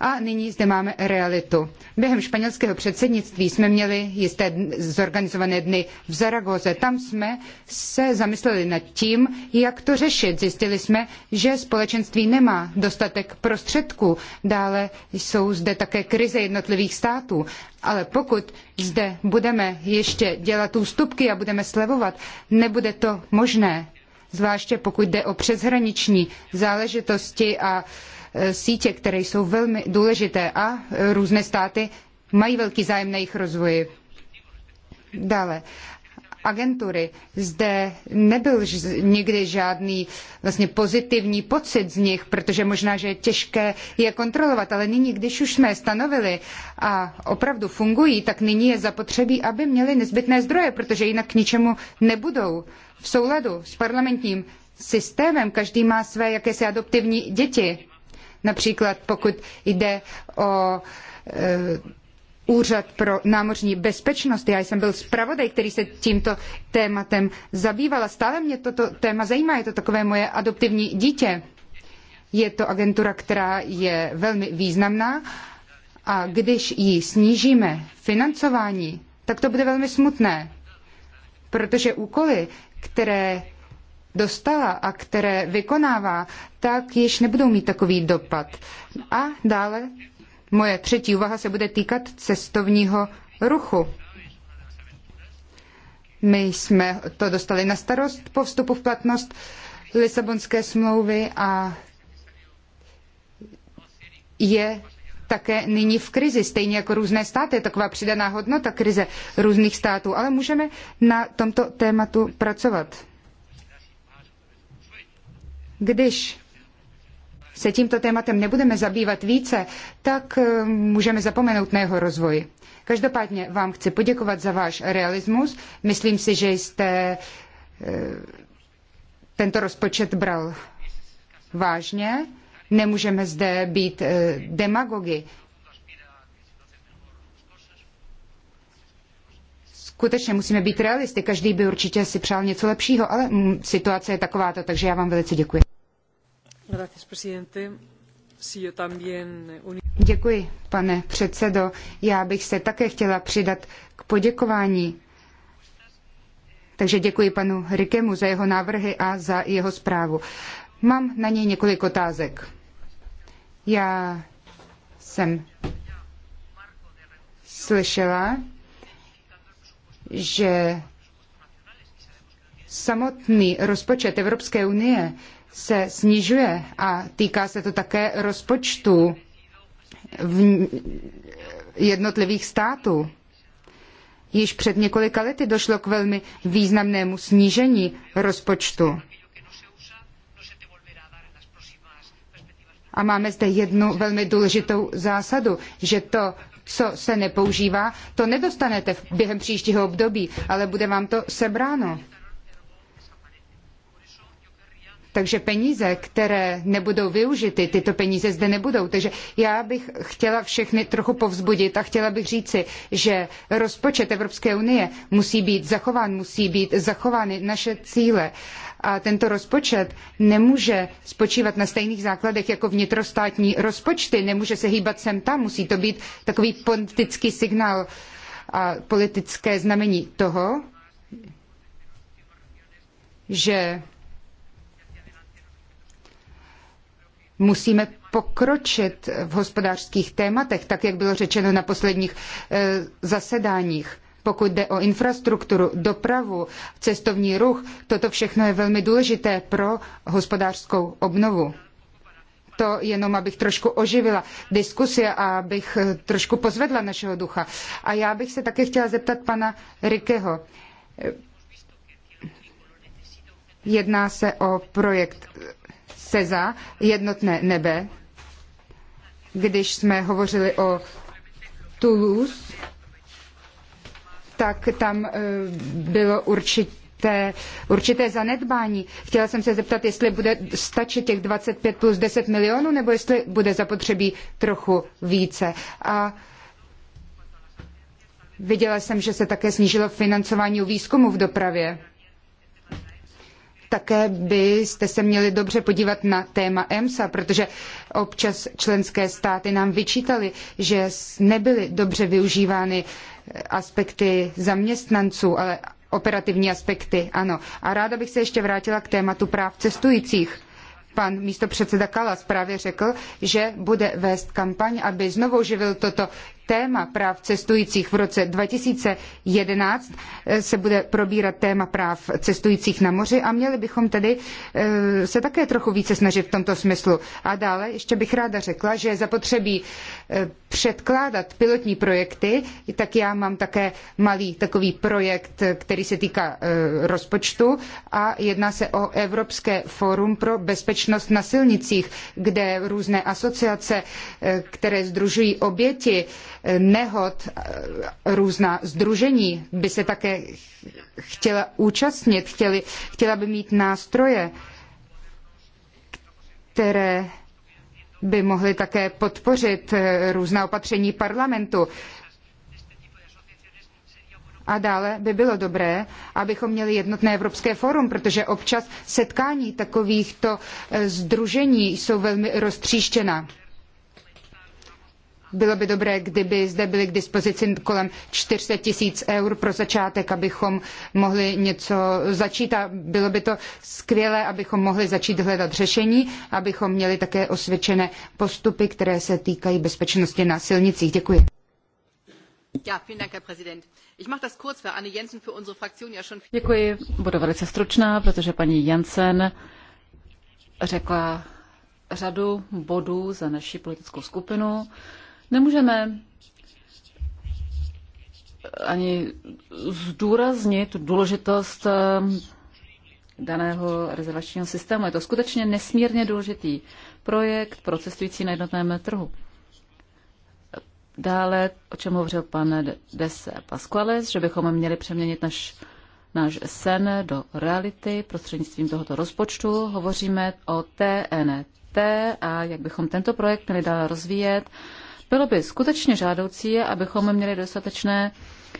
a nyní zde máme realitu. Během španělského předsednictví jsme měli jisté zorganizované dny v Zaragoze. Tam jsme se zamysleli nad tím, jak to řešit. Zjistili jsme, že společenství nemá dostatek prostředků. Dále jsou zde také krize jednotlivých států. Ale pokud zde budeme ještě dělat ústupky a budeme slevovat, nebude to možné. Zvláště pokud jde o přeshraniční záležitosti a Eh, sítě, které jsou velmi důležité a různé státy mají velký zájem na jejich rozvoji. Dále, agentury. Zde nebyl nikdy žádný vlastně pozitivní pocit z nich, protože možná, že je těžké je kontrolovat, ale nyní, když už jsme je stanovili a opravdu fungují, tak nyní je zapotřebí, aby měli nezbytné zdroje, protože jinak k ničemu nebudou. V souladu s parlamentním systémem každý má své jakési adoptivní děti Například pokud jde o e, Úřad pro námořní bezpečnost. Já jsem byl zpravodaj, který se tímto tématem a Stále mě toto téma zajímá, je to takové moje adoptivní dítě. Je to agentura, která je velmi významná a když ji snížíme financování, tak to bude velmi smutné, protože úkoly, které dostala a které vykonává, tak již nebudou mít takový dopad. A dále moje třetí úvaha se bude týkat cestovního ruchu. My jsme to dostali na starost po vstupu v platnost Lisabonské smlouvy a je také nyní v krizi, stejně jako různé státy. Je taková přidaná hodnota krize různých států, ale můžeme na tomto tématu pracovat. Když se tímto tématem nebudeme zabývat více, tak eh, můžeme zapomenout na jeho rozvoj. Každopádně vám chci poděkovat za váš realismus. Myslím si, že jste eh, tento rozpočet bral vážně. Nemůžeme zde být eh, demagogy. Skutečně musíme být realisty. Každý by určitě si přál něco lepšího, ale situace je takováto, takže já vám velice děkuji. Eh, děkuji, pane předsedo. Já bych se také chtěla přidat k poděkování. Takže děkuji panu Rikemu za jeho návrhy a za jeho zprávu. Mám na něj několik otázek. Já jsem slyšela, že samotný rozpočet Evropské unie se snižuje a týká se to také rozpočtu jednotlivých států. Již před několika lety došlo k velmi významnému snížení rozpočtu. A máme zde jednu velmi důležitou zásadu, že to, co se nepoužívá, to nedostanete během příštího období, ale bude vám to sebráno. Takže peníze, které nebudou využity, tyto peníze zde nebudou. Takže já bych chtěla všechny trochu povzbudit a chtěla bych říci, že rozpočet Evropské unie musí být zachován, musí být zachovány naše cíle. A tento rozpočet nemůže spočívat na stejných základech jako vnitrostátní rozpočty, nemůže se hýbat sem tam, musí to být takový politický signál a politické znamení toho, že Musíme pokročit v hospodářských tématech, tak jak bylo řečeno na posledních e, zasedáních. Pokud jde o infrastrukturu, dopravu, cestovní ruch, toto všechno je velmi důležité pro hospodářskou obnovu. To jenom, abych trošku oživila diskusi a abych eh, trošku pozvedla našeho ducha. A já bych se také chtěla zeptat pana Rikeho. Eh, jedná se o projekt Seza, jednotné nebe, když jsme hovořili o Toulouse, tak tam e, bylo určité, určité zanedbání. Chtěla jsem se zeptat, jestli bude stačit těch 25 plus 10 milionů, nebo jestli bude zapotřebí trochu více. A viděla jsem, že se také snížilo financování výzkumu v dopravě také byste se měli dobře podívat na téma EMSA, protože občas členské státy nám vyčítali, že nebyly dobře využívány aspekty zaměstnanců, ale operativní aspekty, ano. A ráda bych se ještě vrátila k tématu práv cestujících. Pan místopředseda Kalas právě řekl, že bude vést kampaň, aby znovu živil toto téma práv cestujících. V roce 2011 eh, se bude probírat téma práv cestujících na moři a měli bychom tedy eh, se také trochu více snažit v tomto smyslu. A dále ještě bych ráda řekla, že je zapotřebí eh, předkládat pilotní projekty, tak já mám také malý takový projekt, který se týká e, rozpočtu a jedná se o Evropské fórum pro bezpečnost na silnicích, kde různé asociace, e, které združují oběti e, nehod, různá združení by se také chtěla účastnit, chtěli, chtěla by mít nástroje, které by mohly také podpořit eh, různá opatření parlamentu. A dále by bylo dobré, abychom měli jednotné Evropské fórum, protože občas setkání takovýchto združení eh, jsou velmi roztříštěná. Bylo by dobré, kdyby zde byly k dispozici kolem 400 tisíc eur pro začátek, abychom mohli něco začít a bylo by to skvělé, abychom mohli začít hledat řešení, abychom měli také osvědčené postupy, které se týkají bezpečnosti na silnicích. Děkuji. Děkuji, budu velice stručná, protože paní Jensen řekla řadu bodů za naši politickou skupinu. Nemůžeme ani zdůraznit důležitost eh, daného rezervačního systému. Je to skutečně nesmírně důležitý projekt pro cestující na jednotném trhu. Dále, o čem hovořil pan Dese Pasquales, že bychom měli přeměnit naš, náš sen do reality prostřednictvím tohoto rozpočtu. Hovoříme o TNT a jak bychom tento projekt měli dále rozvíjet bylo by skutečně žádoucí, abychom měli dostatečné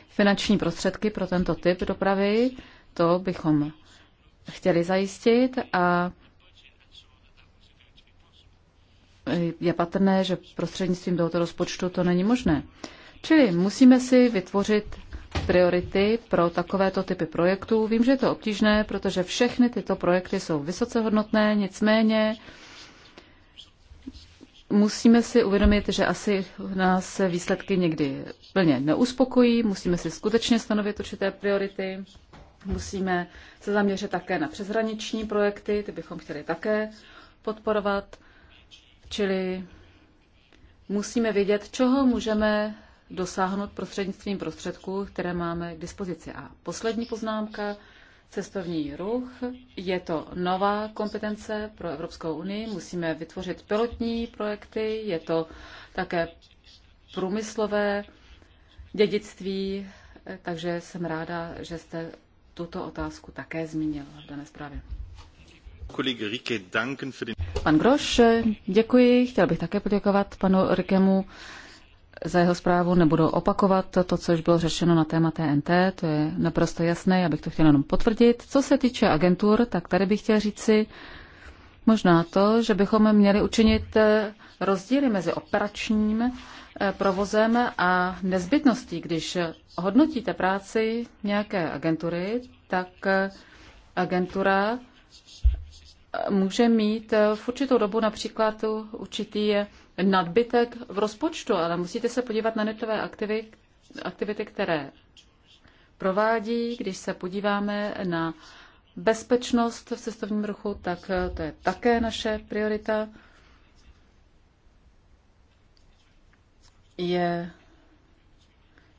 finanční prostředky pro tento typ dopravy. To bychom chtěli zajistit a je patrné, že prostřednictvím tohoto rozpočtu to není možné. Čili musíme si vytvořit priority pro takovéto typy projektů. Vím, že je to obtížné, protože všechny tyto projekty jsou vysoce hodnotné, nicméně musíme si uvědomit, že asi nás výsledky někdy plně neuspokojí, musíme si skutečně stanovit určité priority, musíme se zaměřit také na přeshraniční projekty, ty bychom chtěli také podporovat, čili musíme vědět, čeho můžeme dosáhnout prostřednictvím prostředků, které máme k dispozici. A poslední poznámka, cestovní ruch. Je to nová kompetence pro Evropskou unii, musíme vytvořit pilotní projekty, je to také průmyslové dědictví, takže jsem ráda, že jste tuto otázku také zmínil v dané zprávě. Pan Groš, děkuji. Chtěl bych také poděkovat panu Rikemu za jeho zprávu, nebudu opakovat to, co už bylo řešeno na téma TNT, to je naprosto jasné, já bych to chtěla jenom potvrdit. Co se týče agentur, tak tady bych chtěla říci možná to, že bychom měli učinit eh, rozdíly mezi operačním eh, provozem a nezbytností. Když hodnotíte práci nějaké agentury, tak eh, agentura může mít v určitou dobu například určitý nadbytek v rozpočtu, ale musíte se podívat na netové aktivity, aktivity, které provádí. Když se podíváme na bezpečnost v cestovním ruchu, tak to je také naše priorita. Je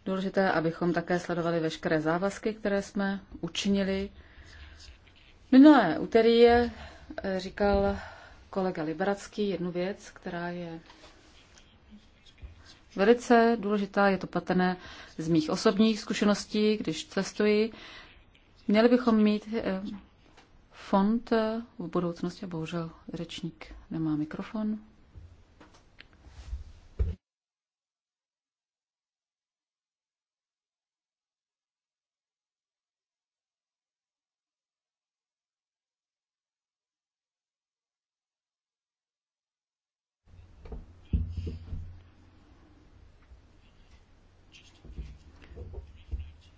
důležité, abychom také sledovali veškeré závazky, které jsme učinili. Minulé úterý eh, říkal kolega Liberacký jednu věc, která je velice důležitá, je to patrné z mých osobních zkušeností, když cestuji. Měli bychom mít eh, fond eh, v budoucnosti, bohužel řečník nemá mikrofon.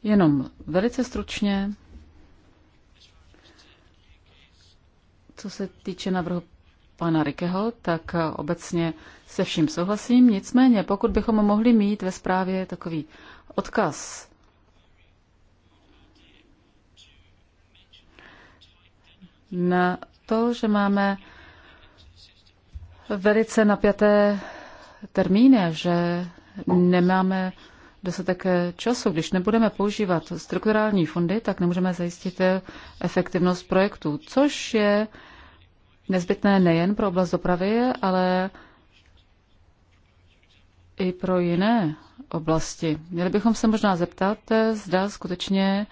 Jenom velice stručně, co se týče navrhu pana Rikeho, tak obecně se vším souhlasím. Nicméně, pokud bychom mohli mít ve zprávě takový odkaz, na to, že máme velice napjaté termíny, že nemáme dostatek času. Když nebudeme používat strukturální fondy, tak nemůžeme zajistit efektivnost projektů, což je nezbytné nejen pro oblast dopravy, ale i pro jiné oblasti. Měli bychom se možná zeptat, zda skutečně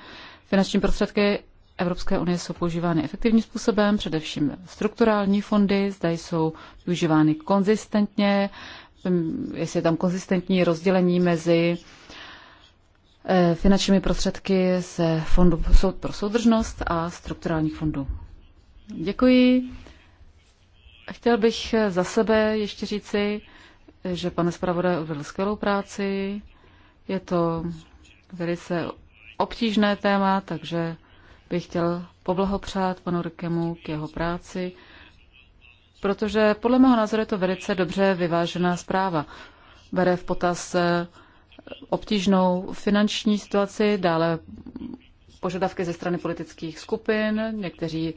finanční prostředky Evropské unie jsou používány efektivním způsobem, především strukturální fondy, zda jsou využívány konzistentně jestli je tam konzistentní rozdělení mezi eh, finančními prostředky ze Fondu pro soudržnost a strukturálních fondů. Děkuji. Chtěl bych eh, za sebe ještě říci, eh, že pane zpravodaj odvedl skvělou práci. Je to velice obtížné téma, takže bych chtěl poblahopřát panu Rikemu k jeho práci protože podle mého názoru je to velice dobře vyvážená zpráva. Bere v potaz eh, obtížnou finanční situaci, dále požadavky ze strany politických skupin, někteří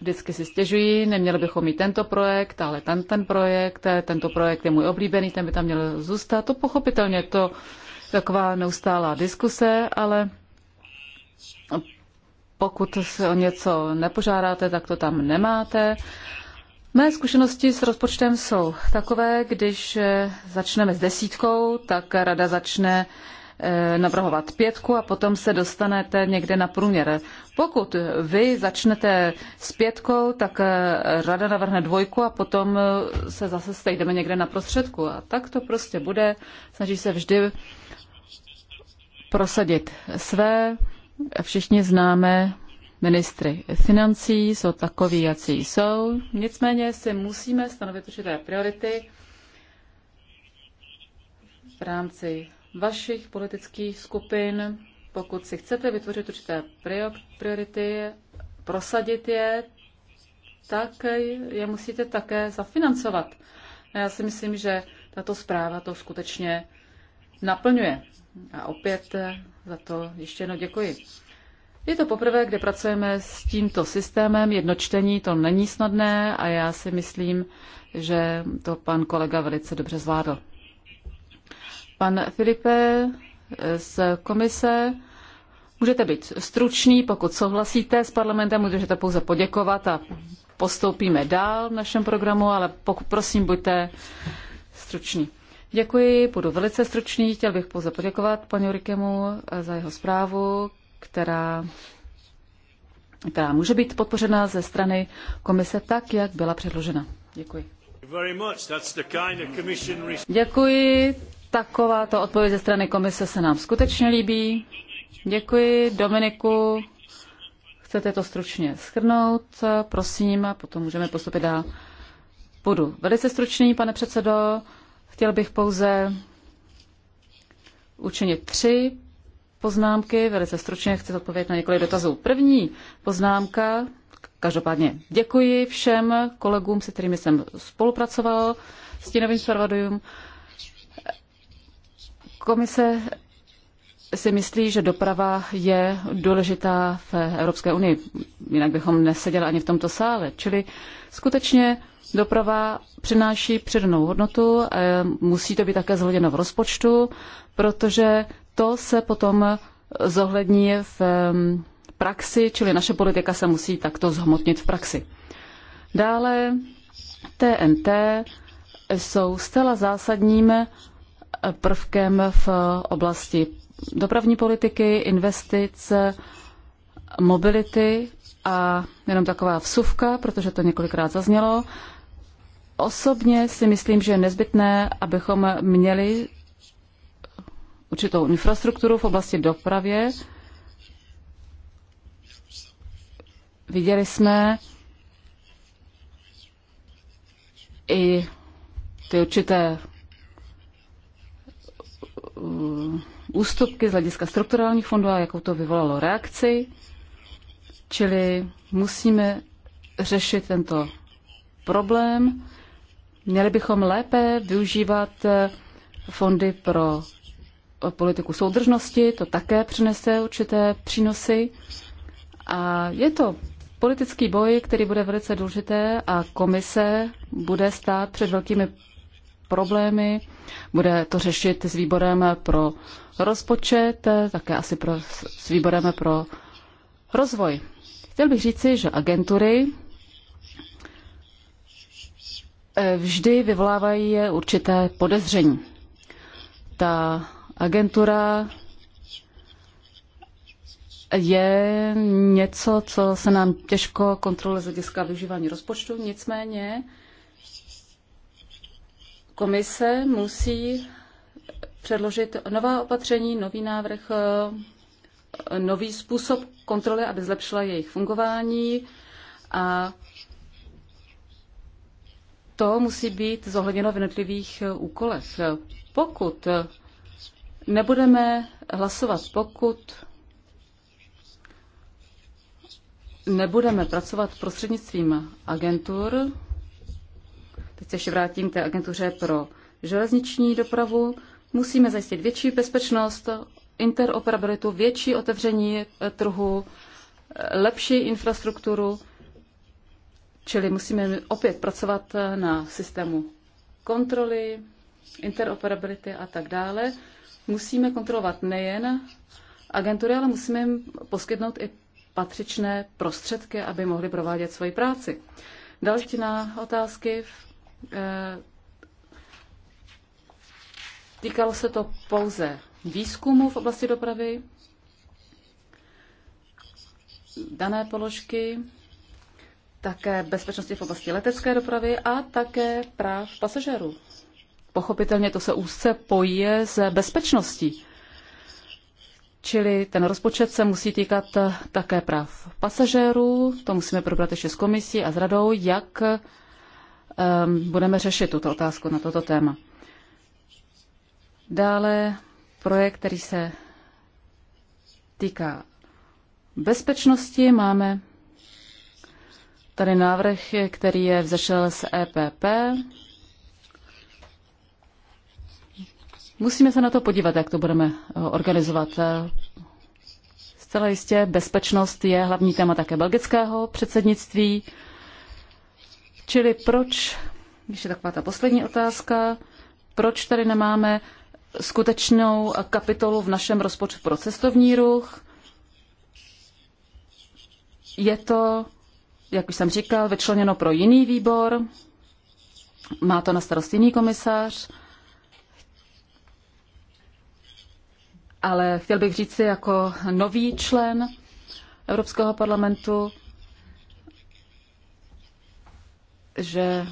vždycky si stěžují, neměli bychom mít tento projekt, ale ten, ten projekt, eh, tento projekt je můj oblíbený, ten by tam měl zůstat. To pochopitelně to taková neustálá diskuse, ale pokud se o něco nepožádáte, tak to tam nemáte. Mé zkušenosti s rozpočtem jsou takové, když eh, začneme s desítkou, tak rada začne eh, navrhovat pětku a potom se dostanete někde na průměr. Pokud vy začnete s pětkou, tak eh, rada navrhne dvojku a potom se zase stejdeme někde na prostředku. A tak to prostě bude. Snaží se vždy prosadit své. Všichni známe ministry financí jsou takový, jací jsou. Nicméně si musíme stanovit určité priority v rámci vašich politických skupin. Pokud si chcete vytvořit určité priority, prosadit je, tak je musíte také zafinancovat. A já si myslím, že tato zpráva to skutečně naplňuje. A opět za to ještě jednou děkuji. Je to poprvé, kde pracujeme s tímto systémem. Jednočtení to není snadné a já si myslím, že to pan kolega velice dobře zvládl. Pan Filipe z komise, můžete být stručný, pokud souhlasíte s parlamentem, můžete pouze poděkovat a postoupíme dál v našem programu, ale pokud, prosím, buďte struční. Děkuji, budu velice stručný. Chtěl bych pouze poděkovat panu Rikemu za jeho zprávu, která, která může být podpořena ze strany komise tak, jak byla předložena. Děkuji. Děkuji. Taková to odpověď ze strany komise se nám skutečně líbí. Děkuji. Dominiku, chcete to stručně schrnout, prosím, a potom můžeme postupit dál. Budu velice stručný, pane předsedo. Chtěl bych pouze učinit tři poznámky. Velice stručně chci odpovědět na několik dotazů. První poznámka. Každopádně děkuji všem kolegům, se kterými jsem spolupracoval, s Tinovým zpravodajům. Komise si myslí, že doprava je důležitá v Evropské unii. Jinak bychom neseděli ani v tomto sále. Čili skutečně doprava přináší přidanou hodnotu, eh, musí to být také zhleděno v rozpočtu, protože to se potom zohlední v praxi, čili naše politika se musí takto zhmotnit v praxi. Dále TNT jsou zcela zásadním prvkem v oblasti dopravní politiky, investic, mobility a jenom taková vsuvka, protože to několikrát zaznělo. Osobně si myslím, že je nezbytné, abychom měli určitou infrastrukturu v oblasti dopravě. Viděli jsme i ty určité uh, ústupky z hlediska strukturálních fondů a jakou to vyvolalo reakci. Čili musíme řešit tento problém. Měli bychom lépe využívat eh, fondy pro politiku soudržnosti, to také přinese určité přínosy. A je to politický boj, který bude velice důležité a komise bude stát před velkými problémy, bude to řešit s výborem pro rozpočet, také asi pro, s výborem pro rozvoj. Chtěl bych říci, že agentury eh, vždy vyvolávají určité podezření. Ta Agentura je něco, co se nám těžko kontroluje z hlediska využívání rozpočtu, nicméně komise musí předložit nová opatření, nový návrh, nový způsob kontroly, aby zlepšila jejich fungování a to musí být zohledněno v jednotlivých úkolech. Pokud Nebudeme hlasovat, pokud nebudeme pracovat prostřednictvím agentur. Teď se ještě vrátím k té agentuře pro železniční dopravu. Musíme zajistit větší bezpečnost, interoperabilitu, větší otevření eh, trhu, eh, lepší infrastrukturu, čili musíme opět pracovat eh, na systému kontroly, interoperability a tak dále musíme kontrolovat nejen agentury, ale musíme jim poskytnout i patřičné prostředky, aby mohli provádět svoji práci. Další na otázky. Eh, týkalo se to pouze výzkumu v oblasti dopravy, dané položky, také bezpečnosti v oblasti letecké dopravy a také práv pasažerů pochopitelně to se úzce pojí s bezpečností. Čili ten rozpočet se musí týkat také práv pasažérů, to musíme probrat ještě s komisí a s radou, jak um, budeme řešit tuto otázku na toto téma. Dále projekt, který se týká bezpečnosti, máme tady návrh, který je vzešel z EPP, Musíme se na to podívat, jak to budeme eh, organizovat. Eh, zcela jistě bezpečnost je hlavní téma také belgického předsednictví. Čili proč, když je taková ta poslední otázka, proč tady nemáme skutečnou kapitolu v našem rozpočtu pro cestovní ruch? Je to, jak už jsem říkal, vyčleněno pro jiný výbor, má to na starost jiný komisař ale chtěl bych říci jako nový člen Evropského parlamentu, že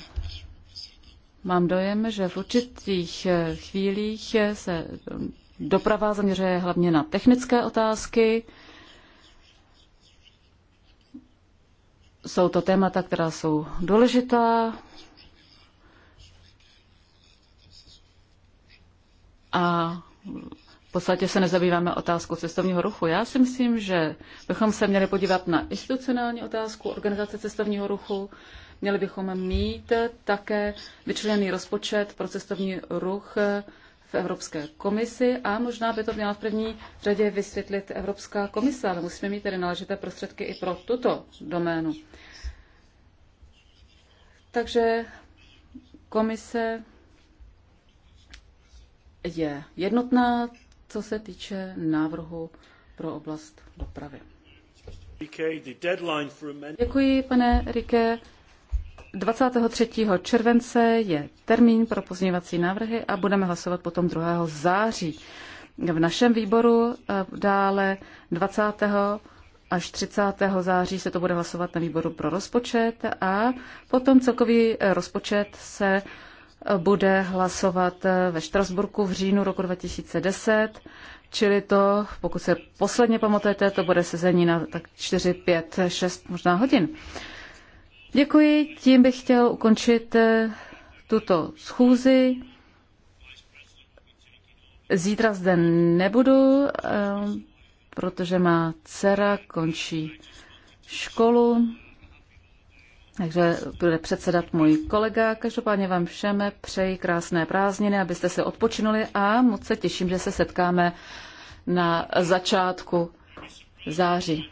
mám dojem, že v určitých chvílích se doprava zaměřuje hlavně na technické otázky. Jsou to témata, která jsou důležitá. A podstatě se nezabýváme otázkou cestovního ruchu. Já si myslím, že bychom se měli podívat na institucionální otázku organizace cestovního ruchu. Měli bychom mít také vyčleněný rozpočet pro cestovní ruch v Evropské komisi a možná by to měla v první řadě vysvětlit Evropská komise, ale musíme mít tedy náležité prostředky i pro tuto doménu. Takže komise je jednotná, co se týče návrhu pro oblast dopravy. Děkuji, pane Rike. 23. července je termín pro pozměňovací návrhy a budeme hlasovat potom 2. září. V našem výboru dále 20. až 30. září se to bude hlasovat na výboru pro rozpočet a potom celkový rozpočet se bude hlasovat eh, ve Štrasburku v říjnu roku 2010, čili to, pokud se posledně pamatujete, to bude sezení na tak 4, 5, 6 možná hodin. Děkuji, tím bych chtěl ukončit eh, tuto schůzi. Zítra zde nebudu, eh, protože má dcera končí školu. Takže bude předsedat můj kolega. Každopádně vám všem přeji krásné prázdniny, abyste se odpočinuli a moc se těším, že se setkáme na začátku září.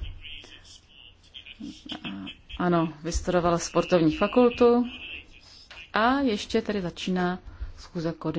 Ano, vystudovala sportovní fakultu a ještě tady začíná schůze koordinátorů.